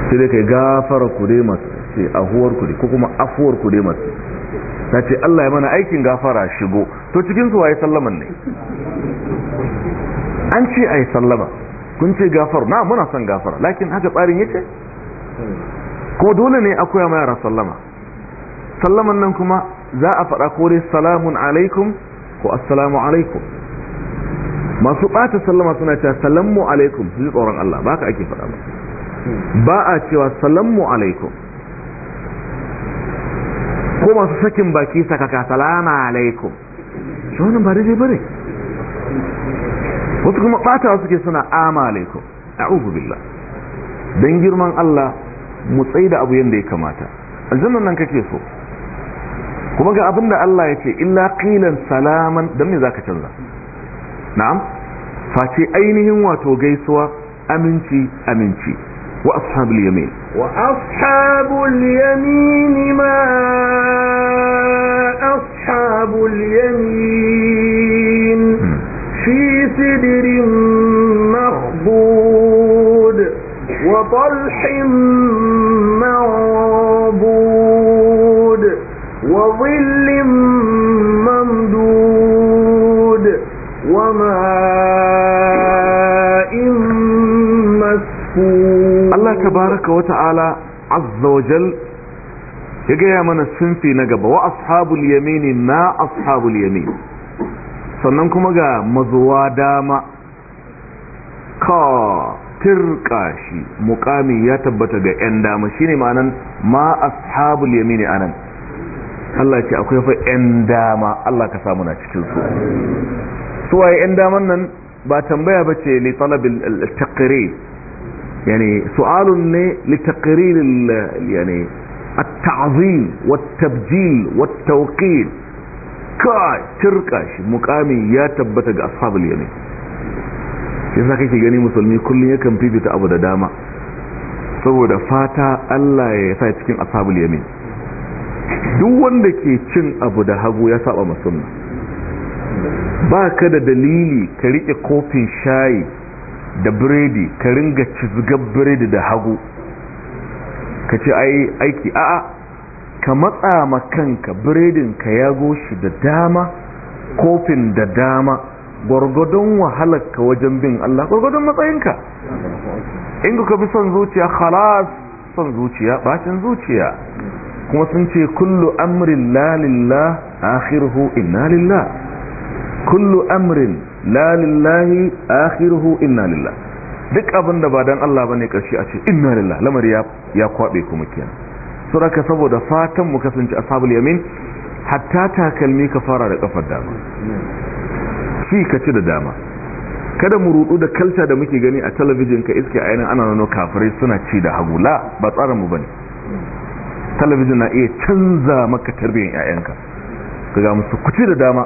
sai dai ka gafara ku dai masu ce ahuwar ku ko kuma afuwar ku dai masu ta ce Allah ya mana aikin gafara shigo to cikin su waye sallaman ne an ce ai sallama kun ce gafar na muna son gafara lakin haka tsarin ce? ko dole ne akwai ma yara sallama sallaman nan kuma za a faɗa ko dai salamun alaikum ko assalamu alaikum masu ɓata sallama suna cewa salamu alaikum su ji tsoron Allah ba ka ake faɗa ba ba a cewa salamu alaikum ko masu sakin baki sakaka salama alaikum shi wannan ba daidai ba ne wasu kuma wasu ke suna ama alaikum a'udhu billah dan girman Allah mu tsaida abu yanda ya kamata aljannan nan kake so kuma ga abin da Allah ya ce illa qilan salaman dan me zaka canza na'am face ainihin wato gaisuwa aminci aminci wa ashabul yamin wa ashabul yamin ma ashabul yamin fi sidrin mahbud wa talhin manbud وظل ممدود وماء مسكوب الله تبارك وتعالى عز وجل ya gaya mana sunfi na gaba wa ashabul yamini na ashabul yamini sannan kuma ga mazuwa dama ka tirka mukami ya tabbata ga 'yan dama shine ma'anan ma ashabul yamini anan Allah ce akwai fa ‘yan dama Allah ka samu na cikin su su waye ‘yan daman nan ba tambaya ba ce li talabin taƙiri yani su'alun ne li taƙiri yani التعظيم tawqil والتوقير turka shi مقامي ya tabbata ga ashabul yamin yasa kake gani musulmi kullun yakan fifita abu da dama saboda fata Allah ya sa cikin ashabul yamin duk wanda ke cin abu da hagu ya saba musulma ba ka da dalili ka rike kofin shayi da biredi ka ringa cizgar biredi da hagu ka ce aiki aiki a'a ka matsa ma kanka biredin ka ya goshi da dama kofin da dama gwargwadon wahalarka wajen bin Allah gwargwadon matsayinka in ka bi son zuciya halas son zuciya bacin zuciya kuma sun ce kullu amrin lalillah lillah akhiruhu inna lillah kullu amrin la akhiruhu inna lillah duk abin da ba dan Allah bane karshe a ce inna lillah lamar ya ya kwabe kuma kenan raka saboda fatan mu kasance ashabul yamin hatta takalmi ka fara da kafar dama shi ka ci da dama kada mu rudu da kalta da muke gani a talabijin ka iske a ainihin ana nuna kafirai suna ci da hagula ba tsarin mu bane talabijin na iya canza maka tarbiyyar 'ya'yanka ka ga musu ku ci da dama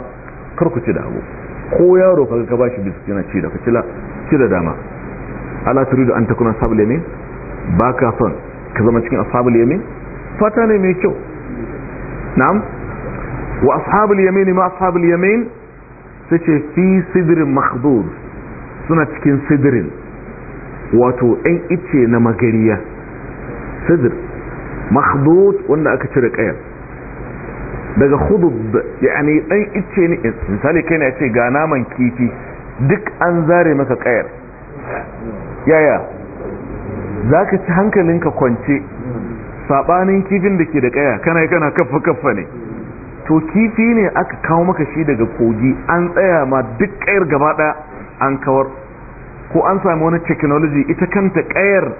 kar ku ci da abu ko yaro ka ka bashi biskit yana ci da ka ci da dama ala da an takuna sabul yamin ba ka son ka zama cikin ashabul yamin fata ne mai kyau na'am wa ashabul yamin ma ashabul yamin sai ce fi sidrin makhdud suna cikin sidrin wato ɗan ice na magariya sidr makhdud wanda aka cire kayar daga khudud yani dan ice ne misali kai ne ce ga naman kifi duk an zare maka kayar yaya zaka ci hankalinka kwance sabanin kifin da ke da kaya kana kana kaffa kaffa ne to kifi ne aka kawo maka shi daga kogi an tsaya ma duk kayar gaba daya an kawar ko an sami wani technology ita kanta kayar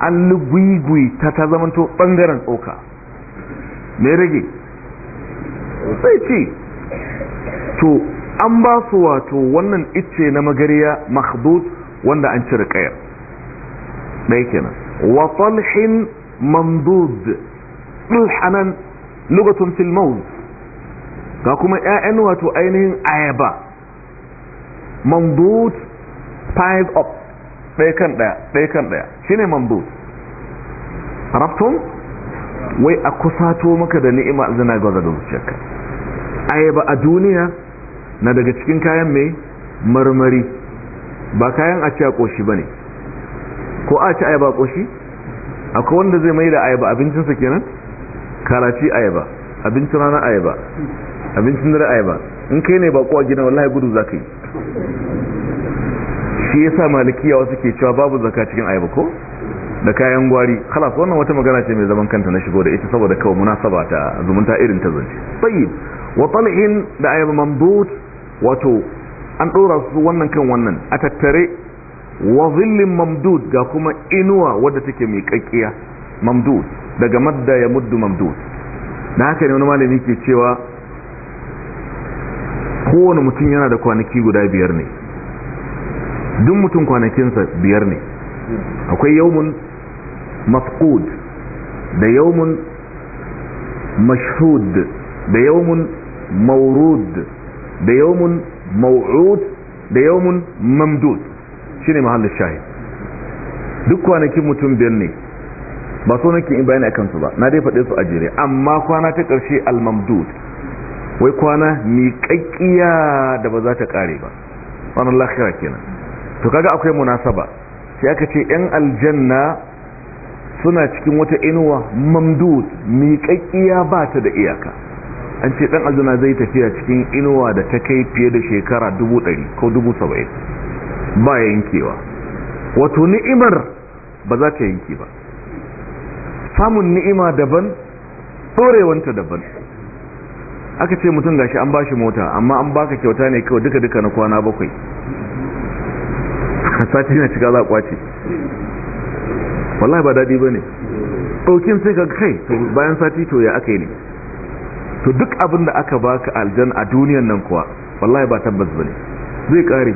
an lugwigwi ta ta zamanto bangaren tsoka me rage sai ce to an ba su wato wannan icce na magariya makhdud wanda an cire kayar ɗaya kenan wa talhin mamdud ɗulhanan lugatun fil ga kuma 'ya'yan wato ainihin ayaba mamdud piled up ɗaya kan ɗaya ɗaya kan ɗaya shine mamdu arabtum wai a kusato maka da ni'ima zina gwaza da zuciyarka ayaba a duniya na daga cikin kayan mai marmari ba kayan a ci a koshi bane ko a ci ayaba ba koshi akwai wanda zai mai da ayaba abincinsa kenan karaci ba abincin rana ayaba abincin dare ba in kai ne ba a gina wallahi gudu za ka yi shi yasa malikiya wasu ke cewa babu zakka cikin ayaba ko da kayan gwari khalas wannan wata magana ce mai zaman kanta na shigo da ita saboda kawai munasaba ta zumunta irin ta zance tayyib wa tal'in da ayaba mamdud wato an dora su wannan kan wannan a tattare wa zillin mamdud ga kuma inuwa wadda take mai kakkiya mamdud daga madda ya muddu mamdud na haka ne wani malami ke cewa kowane mutum yana da kwanaki guda biyar ne duk mutum kwanakinsa biyar ne akwai yawmun mafqud da yawmun mashhud da yawmun maurud da yawmun maw'ud da yawmun mamdud shine mahallin shahid duk kwanakin mutum biyar ne ba so nake in bayani akan su ba na dai faɗe su a jere amma kwana ta ƙarshe al-mamdud wai kwana miƙaƙƙiya da ba za ta ƙare ba wannan lakhira kenan to kaga akwai munasaba sai aka ce yan aljanna suna cikin wata inuwa mamdud miƙaƙƙiya ba ta da iyaka an ce ɗan aljanna zai tafiya cikin inuwa da ta kai fiye da shekara 100 ko 70 ba yankewa wato ni'imar ba za ta yanke ba samun ni'ima daban ɗorewanta daban aka ce mutum gashi an bashi mota amma an baka kyauta ne kawai duka-duka na kwana bakwai sati na shiga za a kwace wallahi ba daɗi ba ne ɗaukin sai ka kai to bayan sati to ya aka yi ne to duk abin da aka baka aljan a duniyan nan kuwa wallahi ba tabbas ba ne zai ƙare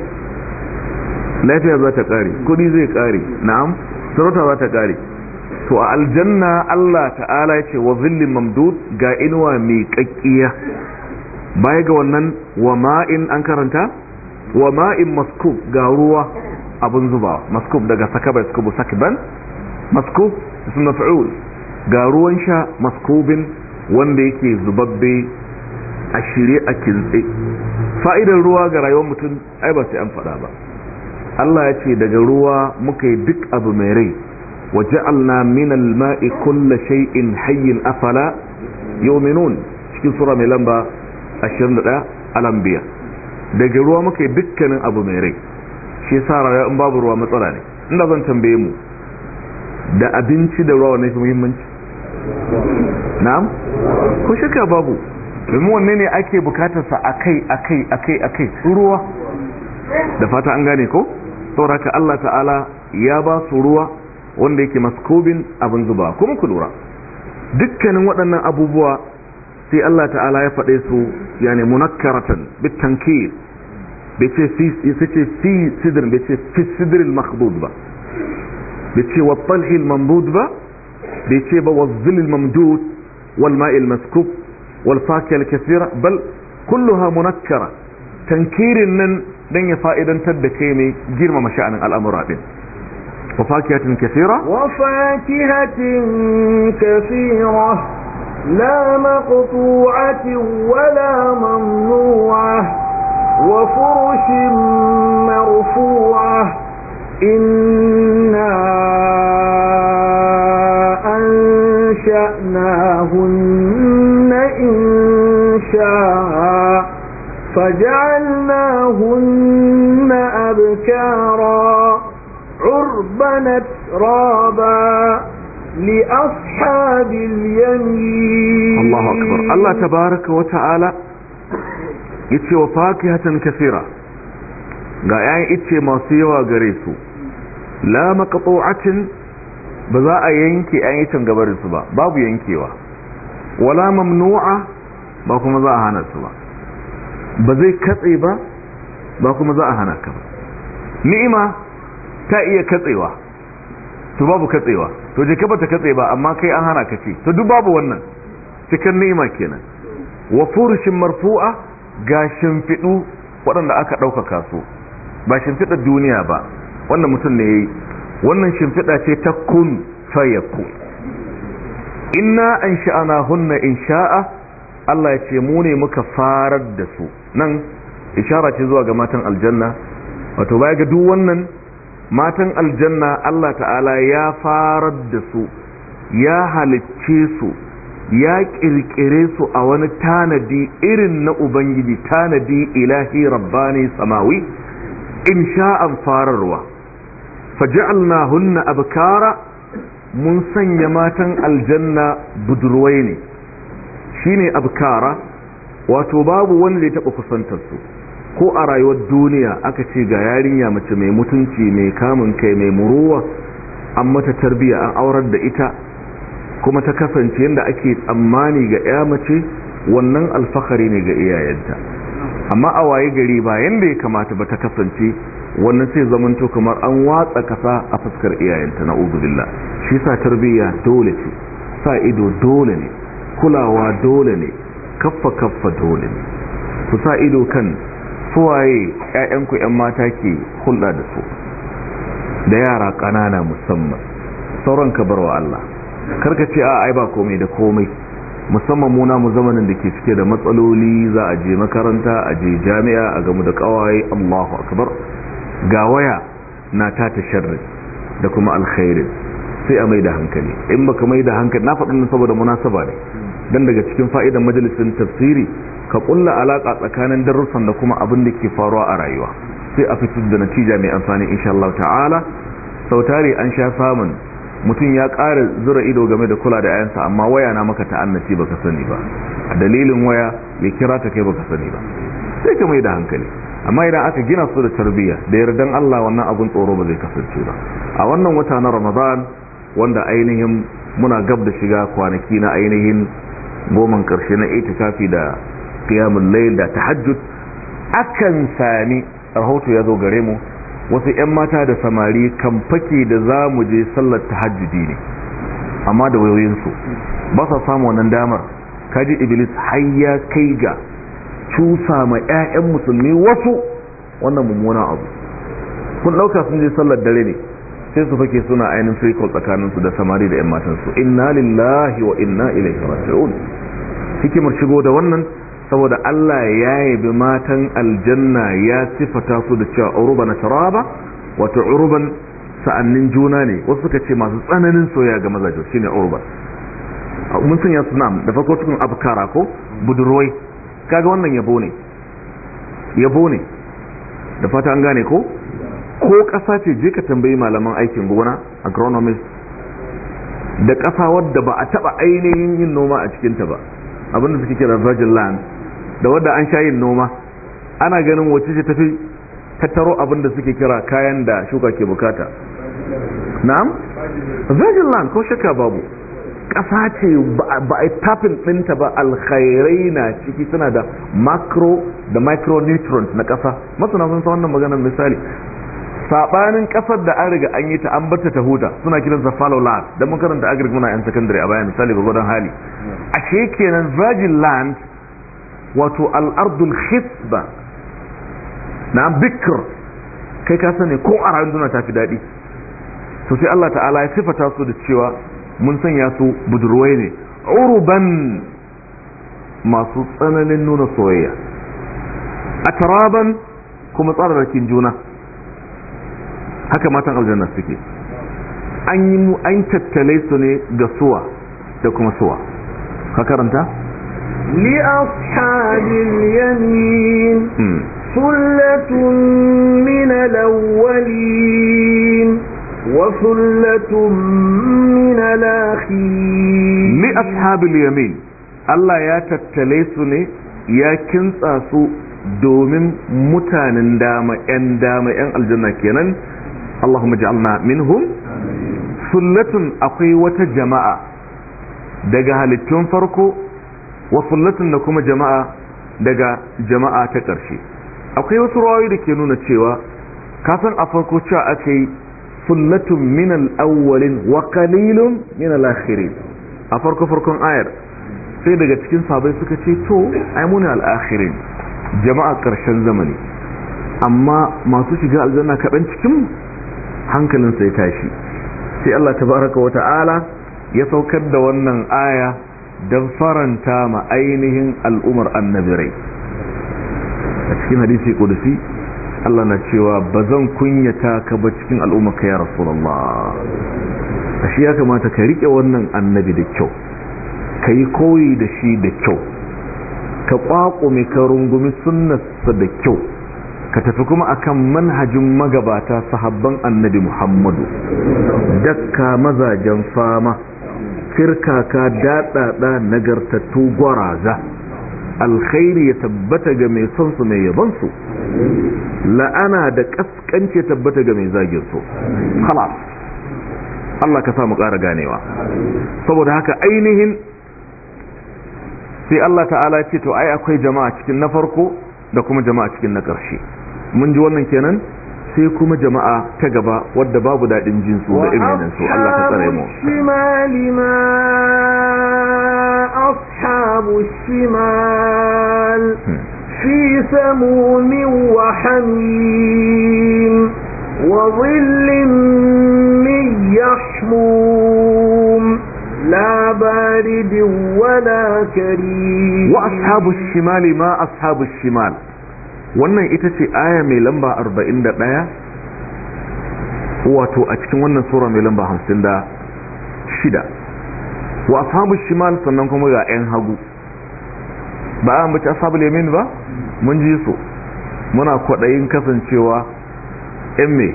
lafiya za ta ƙare kudi zai ƙare na'am sarauta za ta ƙare to a aljanna allah ta'ala ya ce wa zillin mamdud ga inuwa mai ƙaƙƙiya baya ga wannan wa ma'in an karanta wa ma'in maskub ga ruwa abun zuba maskub daga sakaba yaskubu sakban maskub ism maf'ul ga ruwan sha maskubin wanda yake zubabbe a shirye a kintse fa'idar ruwa ga rayuwar mutum ai ba sai an fada ba Allah ya ce daga ruwa muka yi duk abu mai rai waje min minal ma'i kulla shay'in hayyin afala yominun cikin sura mai lamba 21 alambiya daga ruwa muka yi dukkanin abu mai rai shi yasa rayuwa in babu ruwa matsala ne inda zan tambaye mu da abinci da ruwa ne fi muhimmanci na'am ko shirka babu domin wanne ne ake sa akai akai akai akai ruwa da fata an gane ko ka Allah ta'ala ya ba su ruwa wanda yake maskobin abin zuba kuma ku lura dukkanin waɗannan abubuwa sai Allah ta'ala ya faɗe su yani munakkaratan bitankir بتشي في يسكي في صدر بتشي في الصدر المخضوض بقى بتشي والطلح المنضود بقى بتشي والظل الممدود والماء المسكوب والفاكهة الكثيرة بل كلها منكرة تنكير من دنيا فائدا تدكيمي جرم مشأن الأمر وفاكهة كثيرة وفاكهة كثيرة لا مقطوعة ولا ممنوعة وفرش مرفوعة إنا أنشأناهن إنشاء فجعلناهن أبكارا عربا ترابا لأصحاب اليمين الله أكبر الله تبارك وتعالى yace wa fakihatan kaseera ga ƴaƴan ice masu yawa gare su la maqtu'atin ba za a yanke ƴaƴan icen gabarin su ba babu yankewa wala mamnu'a ba kuma za a hana su ba ba zai katse ba ba kuma za a hana ka ba ni'ima ta iya katsewa to babu katsewa to je ka ta katse ba amma kai an hana ka ce to duk babu wannan cikin ni'ima kenan wa furushin marfu'a ga shimfiɗu waɗanda aka ɗaukaka su ba shimfiɗar duniya ba wannan mutum ne ya wannan shimfiɗa ce ta kun fayaku inna an sha'ana hunna in sha'a Allah ya ce mu ne muka farar da su nan ishara ce zuwa ga matan aljanna wato baya ga duk wannan matan aljanna Allah ta'ala ya farar da su ya halicce su ya ƙirƙire su a wani tanadi irin na ubangiji tanadi ilahi rabbani samawi in sha'an fararwa na hunna abkara mun sanya matan aljanna budurwai ne shine abkara wato babu wanda ya taɓa kusantar su ko a rayuwar duniya aka ce ga yarinya mace mai mutunci mai kamun kai mai muruwa an mata tarbiya an aurar da ita kuma ta kasance yadda ake tsammani ga ya mace wannan alfahari ne ga iyayenta amma a waye gari bayan yadda ya kamata ba ta kasance wannan sai zamanto kamar an watsa kasa a fuskar iyayenta na ububillah shi sa tarbiyya dole ce sa ido dole ne kulawa dole ne kaffa kaffa dole ne ku sa ido kan suwaye 'ya'yanku 'yan mata ke hulɗa da su da yara ƙanana musamman sauran ka barwa Allah karka ce a ai ba komai da komai musamman muna mu zamanin da ke cike da matsaloli za a je makaranta a je jami'a a gamu da kawaye Allahu akbar ga waya na ta ta sharri da kuma alkhairin sai a mai da hankali in baka mai da hankali na faɗin saboda munasaba ne dan daga cikin fa'idan majalisin tafsiri ka kulla alaka tsakanin darussan da kuma abin da ke faruwa a rayuwa sai a fitar da natija mai amfani insha Allah ta'ala sautari an sha samun mutum ya ƙara zura ido game da kula da ayansa amma waya na maka ta'annaci baka sani ba a dalilin waya ya kira ta kai baka sani ba sai ka mai da hankali amma idan aka gina su da tarbiyya da yardan Allah wannan abun tsoro ba zai kasance ba a wannan wata na Ramadan wanda ainihin muna gab da shiga kwanaki na ainihin goman karshe na itikafi da qiyamul layl da tahajjud akan sani rahoto ya zo gare mu wasu 'yan mata da samari kan fake da za mu je sallar ta tahajjudi ne amma da wayoyinsu ba sa samu wannan damar kaji iblis har ya kai ga cusa ma 'ya'yan musulmi wasu wannan mummuna abu kun ɗauka sun je sallar dare ne sai su fake suna ainihin circle tsakaninsu da samari da 'yan matansu inna lillahi wa inna ilaihi raji'un hikimar shigo da wannan saboda Allah ya yabi matan aljanna ya sifata su da cewa uruban taraba wato uruban sa'annin juna ne wasu suka ce masu tsananin soyayya ga mazaje shine uruba mun sanya nam da farko cikin abkara ko budurwai kaga wannan yabo ne yabo ne da fata an gane ko ko ƙasa ce je ka tambayi malaman aikin gona agronomist da ƙasa wadda ba a taɓa ainihin yin noma a cikinta ba abinda suke kira virgin land da wadda an sha yin noma ana ganin wacce ce tafi tattaro abin da suke kira kayan da shuka ke bukata na'am virgin land ko shaka babu ƙasa ce ba a tafin ɗinta ba alkhairai na ciki suna da macro da micronutrient na ƙasa masana sun sa wannan maganar misali sabanin ƙasar da an riga an yi ta an bata ta huta suna kiran sa follow land da mun karanta agric muna yan secondary a bayan misali babban hali ashe kenan virgin land wato al'ardun khisba na bikr kai ka sani ko a rayu duniya ta fi daɗi to sai Allah ta'ala ya sifata su da cewa mun sanya su budurwai ne uruban masu tsananin nuna soyayya a taraban kuma tsararrakin juna haka matan aljanna suke an yi tattale su ne ga suwa da kuma suwa ka karanta لأصحاب اليمين ثلة من الأولين وثلة من الآخرين لأصحاب اليمين Allah ya tattale su ne ya kintsa su domin mutanen dama 'yan dama 'yan aljanna kenan Allahumma ja'alna minhum sullatun akwai wata jama'a daga halittun farko wa sullatun da kuma jama'a daga jama'a ta ƙarshe akwai wasu rawayoyi da ke nuna cewa san a farko cewa aka yi sullatun min al-awwalin wa qalilun min al-akhirin a farko farkon ayar sai daga cikin sabai suka ce to ai mun al-akhirin jama'a ƙarshen zamani amma masu shiga aljanna kaɗan cikin hankalin sai tashi sai Allah tabaraka wa ta'ala ya saukar da wannan aya don faranta ma ainihin al'umar annabirai a cikin hadisi kudusi Allah na cewa ba zan kunyata ka ba cikin al'umar ka ya rasulallah a shi ya kamata ka riƙe wannan annabi da kyau ka yi koyi da shi da kyau ka ƙwaƙume ka rungumi sunnarsa da kyau ka tafi kuma a kan manhajin magabata sahabban annabi muhammadu dakka mazajen fama firkaka daɗaɗa nagartattu gwaraza alkhairi ya tabbata ga mai son su mai yabonsu su la'ana da ya tabbata ga mai zaginsu su Allah ka samu ƙara ganewa saboda haka ainihin sai Allah ta'ala ce to ai akwai jama'a cikin na farko da kuma jama'a cikin na ƙarshe mun ji wannan kenan sai kuma jama'a ta gaba wadda babu daɗin jin su da irin nan su Allah ka tsare mu shimali ma ashabu shimal fi samumin لا بارد ولا كريم وأصحاب الشمال ما أصحاب الشمال wannan ita ce aya mai lamba 41 wato a cikin wannan sura mai lamba 56 wa ashabu shimal sannan kuma ga 'yan hagu ba a mace ashabu lemin ba mun ji su muna kwaɗayin kasancewa 'yan mai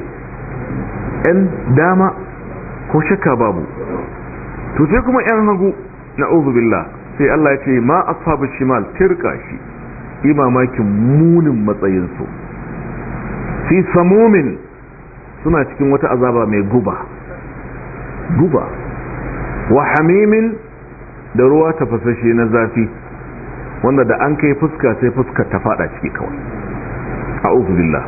'yan dama ko shakka babu to sai kuma 'yan hagu na sai Allah ya ce ma ashabu shimal tirka shi yi mamakin munin matsayinsu fi samomin suna cikin wata azaba mai guba guba wa hamimin da ruwa tafasashe na zafi wanda da an kai fuska sai fuska ta fada ciki kawai a uzubillah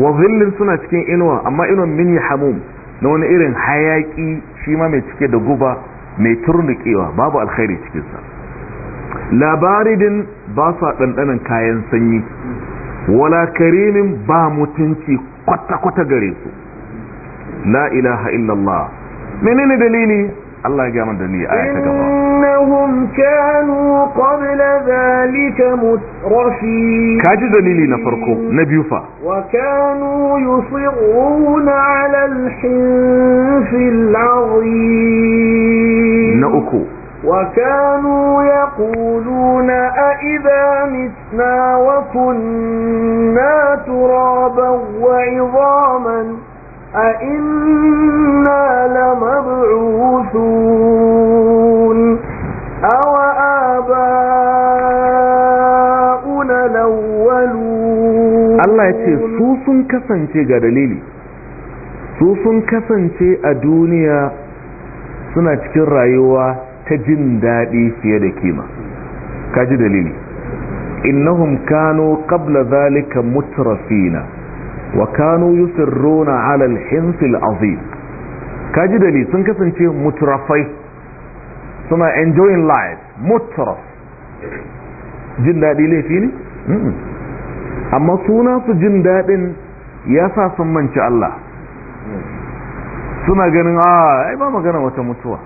wa zillin suna cikin inuwa amma inuwa mini hamum na wani irin hayaki shi ma mai cike da guba mai turnukewa babu alkhairi cikinsa labaridin ba sa ɗanɗanan kayan sanyi wala karimin ba mutunci kwata-kwata gare su la ilaha illallah menene dalili Allah ya gama dalili a ta gaba innahum kanu qabla zalika mutrafi kaji dalili na farko na biyu fa wa kanu yusirruna ala al na uku وكانوا يقولون أئذا متنا وكنا ترابا وعظاما أئنا لمبعوثون أو آباؤنا الأولون الله يتي سوسن كسن تيغا دليلي سوسن كسن تي أدونيا سنة كرايوه ta jin daɗi fiye da kima kaji dalili innahum kanu qabla zalika mutrafina wa kanu yusirruna ala al-hins al-azim kaji dalili sun kasance mutrafai suna enjoying life mutraf jin daɗi laifi ne amma suna su jin daɗin ya sa sun manci Allah suna ganin a ah, ai ba magana wata mutuwa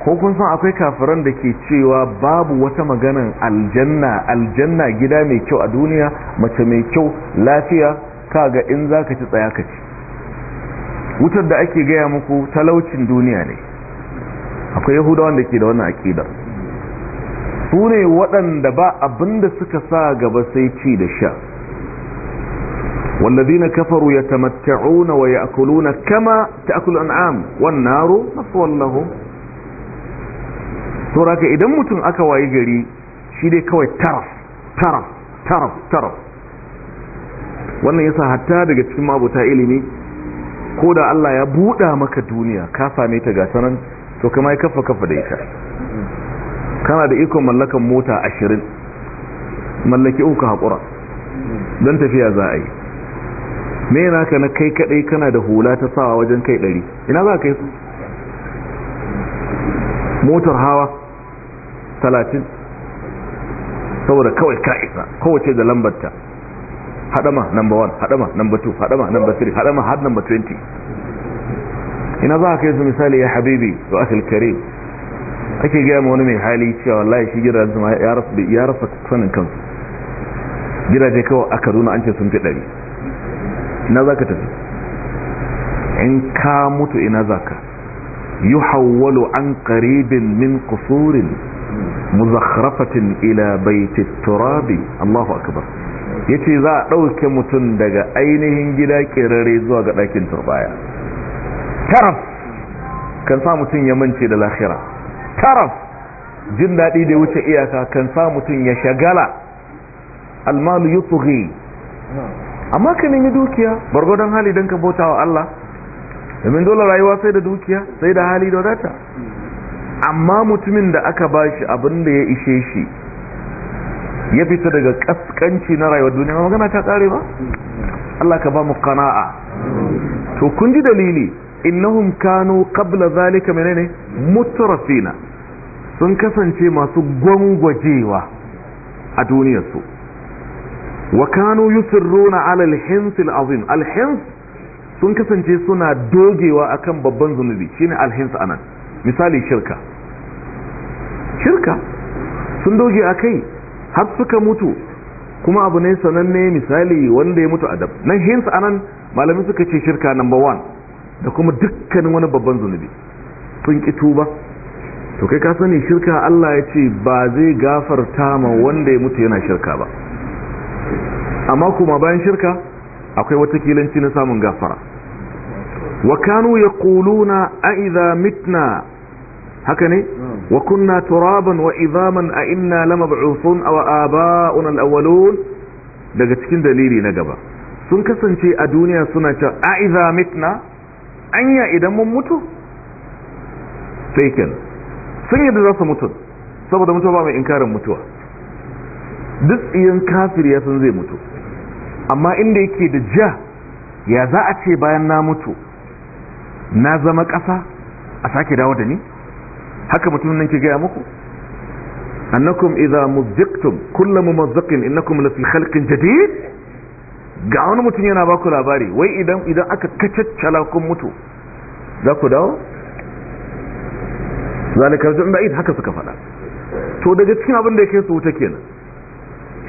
ko kun san akwai kafiran da ke cewa babu wata maganan aljanna aljanna gida mai kyau a duniya mace mai kyau lafiya kaga in zaka ci tsaya ka ci wutar da ake gaya muku talaucin duniya ne akwai yahudawan da ke da wannan aƙidar su ne waɗanda ba abinda suka sa gaba sai ci da sha kafaru yatamatta'una wa ya'kuluna kama ta'kulu an'am wan naru لهم sauraka idan mutum aka wayi gari shi dai kawai taraf taraf taraf taraf wannan yasa hatta daga cikin mabuta ilimi ko da Allah ya buɗa maka duniya ka same ta ga sanan to kama ya kafa kafa da ita kana da iko mallakan mota ashirin mallaki uku hakura don tafiya za a yi me yana ka na kai kaɗai kana da hula ta sawa wajen kai ɗari ina za ka kai su motar hawa talatin saboda kawai ka isa kowace da lambarta hadama number one hadama number two hadama number three hadama har number twenty. ina za a yi su misali ya habibi da akil karim ake gaya ma wani mai hali cewa wallahi shi gidajen zama ya rasa sanin kansu gidaje kawai a kaduna an ce sun fi ɗari ina za ka tafi in ka mutu ina za ka yi hawwalo an karibin min kusurin muzakhrafatin ila baiti turabi Allahu akbar yace za a ɗauke mutum daga ainihin gida kirare zuwa ga ɗakin turbaya taraf kan sa mutum ya mance da lahira taraf jin daɗi da wuce iyaka kan sa mutum ya shagala almalu yutghi amma ka nemi dukiya bargodon hali don ka bauta wa Allah domin dole rayuwa sai da dukiya sai da hali da wadata amma mutumin da aka ba shi abin da ya ishe shi ya fita daga kaskanci na rayuwar duniya magana ta tsare ba Allah ka ba mu kana'a to kun ji dalili innahum kano kabla zalika menene mutarafina sun kasance masu gwangwajewa a duniyarsu wa kanu yusirruna ala na azim alhins sun kasance suna dogewa akan babban zunubi shine ne anan misali shirka shirka sun doge a kai har suka mutu kuma abu ne sananne misali wanda ya mutu adab nan hinsa anan malamin suka ce shirka number one da kuma dukkanin wani babban zunubi sun ki tuba to kai ka sani shirka Allah ya ce ba zai gafarta ma wanda ya mutu yana shirka ba amma kuma bayan shirka akwai wata kilanci na samun gafara wa kanu kuluna a iza mitna haka ne وكنا ترابا وعظاما أئنا لمبعوثون أو آباؤنا الأولون daga cikin dalili na gaba sun kasance a duniya suna ta a'iza mitna anya idan mun mutu faken sun yi za su mutu saboda mutuwa ba mai inkarin mutuwa duk iyan kafir ya san zai mutu amma inda yake da ja ya za a ce bayan na mutu na zama ƙasa a sake dawo da ni haka mutumin nan ke gaya muku annakum idza muzziqtum kullu mumazziqin innakum fi khalqin jadid ga wani mutum yana baku labari wai idan idan aka kacaccala kun mutu za ku dawo zalika rajulun ba'id haka suka faɗa to daga cikin abin da yake su wuta kenan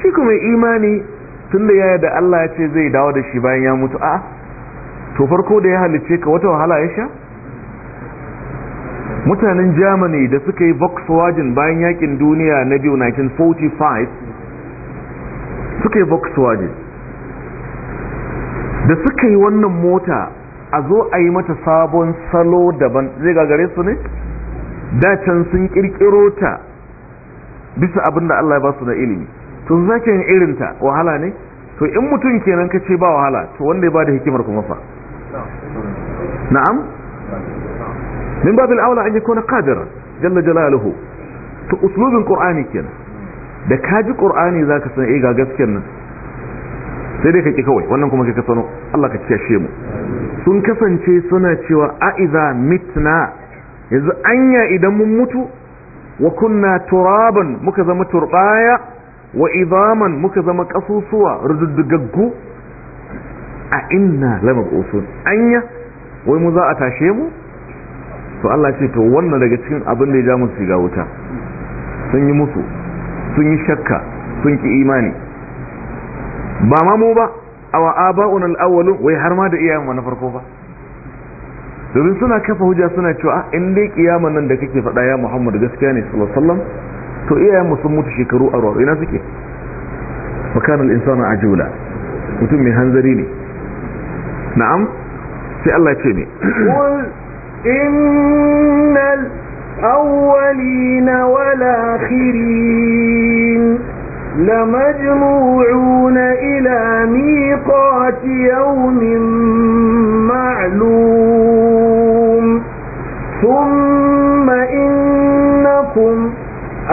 shi kuma imani tunda yaya da Allah ya ce zai dawo da shi bayan ya mutu a to farko da ya halice ka wata wahala ya sha mutanen germany da suka yi volkswagen bayan yakin duniya na biyu 1945 suka yi volkswagen da suka yi wannan mota a zo a yi mata sabon salo daban zai gagare su ne dacen sun kirkiro ta bisa abin da allah ya ba su na ilimi tun za yin irinta wahala ne to in mutum kenan ka ce ba wahala to wanda ya ba da hikimar kuma fa na'am min babil aula an yakuna qadiran jalla jalaluhu to uslubin qur'ani kenan da kaji qur'ani zaka san ga gaskiyar nan sai dai kake kawai wannan kuma ka sano Allah ka kiyashe mu sun kasance suna cewa a mitna yanzu anya idan mun mutu wa kunna turaban muka zama turbaya wa idaman muka zama ƙasusuwa rududdugaggu a inna lamab'usun anya wai mu za a tashe mu to Allah ce to wannan daga cikin abin da ya ja musu shiga wuta sun yi musu sun yi shakka sun ki imani ba ma mu ba awa aba'un al wai har ma da iyayen na farko ba domin suna kafa hujja suna cewa ah, in dai kiyama nan da kake faɗa ya Muhammad gaskiya ne sallallahu alaihi wasallam to iyayen mu sun mutu shekaru arwa ina suke makan al-insanu ajula mutum mai hanzari ne na'am sai Allah ce ne إن الأولين والآخرين لمجموعون إلى ميقات يوم معلوم ثم إنكم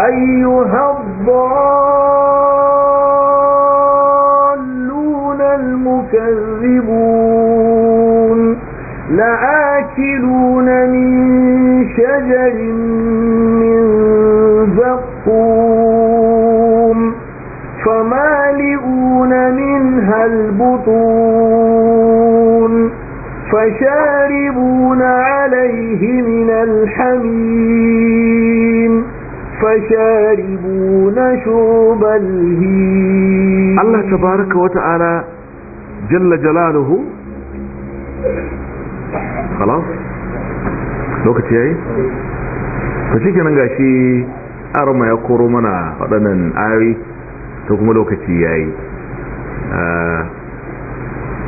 أيها الضالون المكذبون لأ شجر من زقوم فمالئون منها البطون فشاربون عليه من الحميم فشاربون شرب الهيم الله تبارك وتعالى جل جلاله خلاص lokaci yayi to shikenan gashi arma ya koro mana waɗannan ayoyi ta kuma lokaci yayi eh,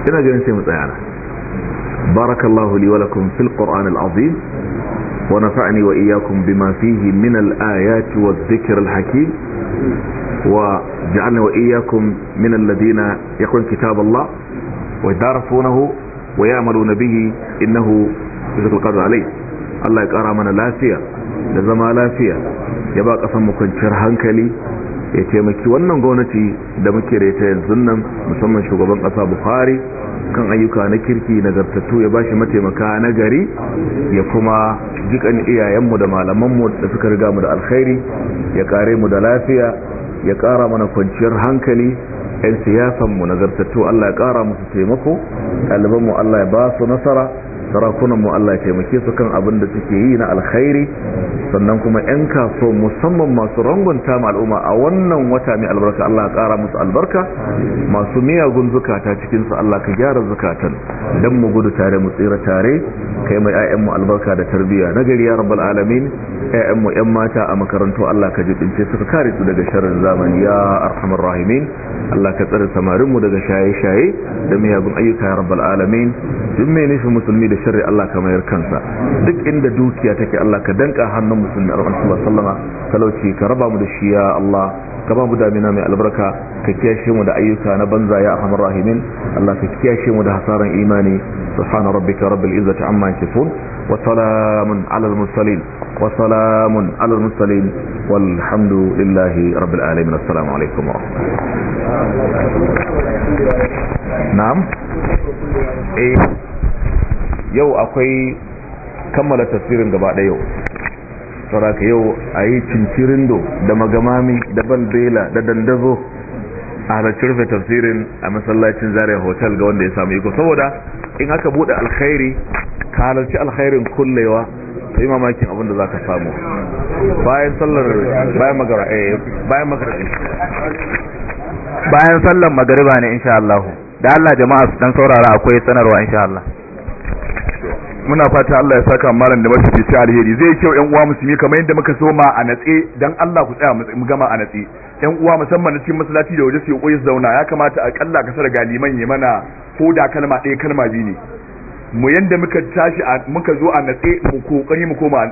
ina ganin sai mu tsaya na barakallahu liwalakun fil qur'an al wani wa wa iyakun bima fihi min al ayati wa dhikr al hakim wa ja'alna wa iyyakum min alladhina yaqra'un kitab Allah wa yadarafunahu wa ya'maluna bihi innahu yuzakul qadr ala'i. Allah ya ƙara mana lafiya da zama lafiya ya ba ƙasan kwanciyar hankali ya taimaki wannan gwamnati da muke da ita yanzu nan musamman shugaban ƙasa buhari kan ayyuka na kirki zartattu ya ba shi mataimaka na gari ya kuma jikan iyayenmu da malamanmu da suka riga mu da alkhairi ya kare mu da lafiya ya kara mana kwanciyar hankali 'yan siyasanmu zartattu allah ya kara musu taimako ɗalibanmu allah ya ba su nasara sarakunan mu Allah ya taimake su kan abin da suke yi na alkhairi sannan kuma yan kaso musamman masu rangunta ma al'umma a wannan wata mai albarka Allah ya kara musu albarka masu miyagun zukata cikin su Allah ka gyara zukatan dan mu gudu tare mu tsira tare kai mai ayyan mu albarka da tarbiyya na gari ya rabbal alamin ayyan mu ƴan mata a makarantu Allah ka jibince su kare su daga sharrin zamani ya arhamar rahimin Allah ka tsare samarin mu daga shaye-shaye da miyagun ayyuka ya rabbal alamin duk mai nufin musulmi da sharri Allah ka kansa duk inda dukiya take Allah ka danka hannun musulmi a Rasulullah sallama talauci ka raba mu da shi ya Allah ka ba mu damina mai albarka ka kiyashe mu da ayyuka na banza ya arhamar rahimin Allah ka kiyashe mu da hasaran imani subhana rabbika rabbil izzati amma yasifun wa salamun alal mursalin wa salamun mursalin walhamdulillahi rabbil alamin assalamu alaikum wa rahmatullahi na'am eh yau akwai kammala tafsirin gaba da yau saraka yau a yi cincirindo da magamami da bela da dandazo a halarci rufe tafsirin a masallacin zaria hotel ga wanda ya samu iko saboda in aka bude alkhairi ka halarci alkhairin kullewa yi mamakin abin da za ka samu bayan sallar bayan magara eh bayan magara bayan sallar magariba ne insha Allah da Allah jama'a su dan saurara akwai sanarwa insha Allah muna fata Allah ya saka malam da mafi fice alheri zai yi kyau yan uwa musulmi kamar yadda muka ma a natse dan Allah ku tsaya mu gama a natse yan uwa musamman na cikin masallaci da waje su koyi su zauna ya kamata kalla ka sar galiman ya mana ko da kalma ɗaya kalma biyu ne mu yanda muka tashi muka zo a natse mu kokari mu koma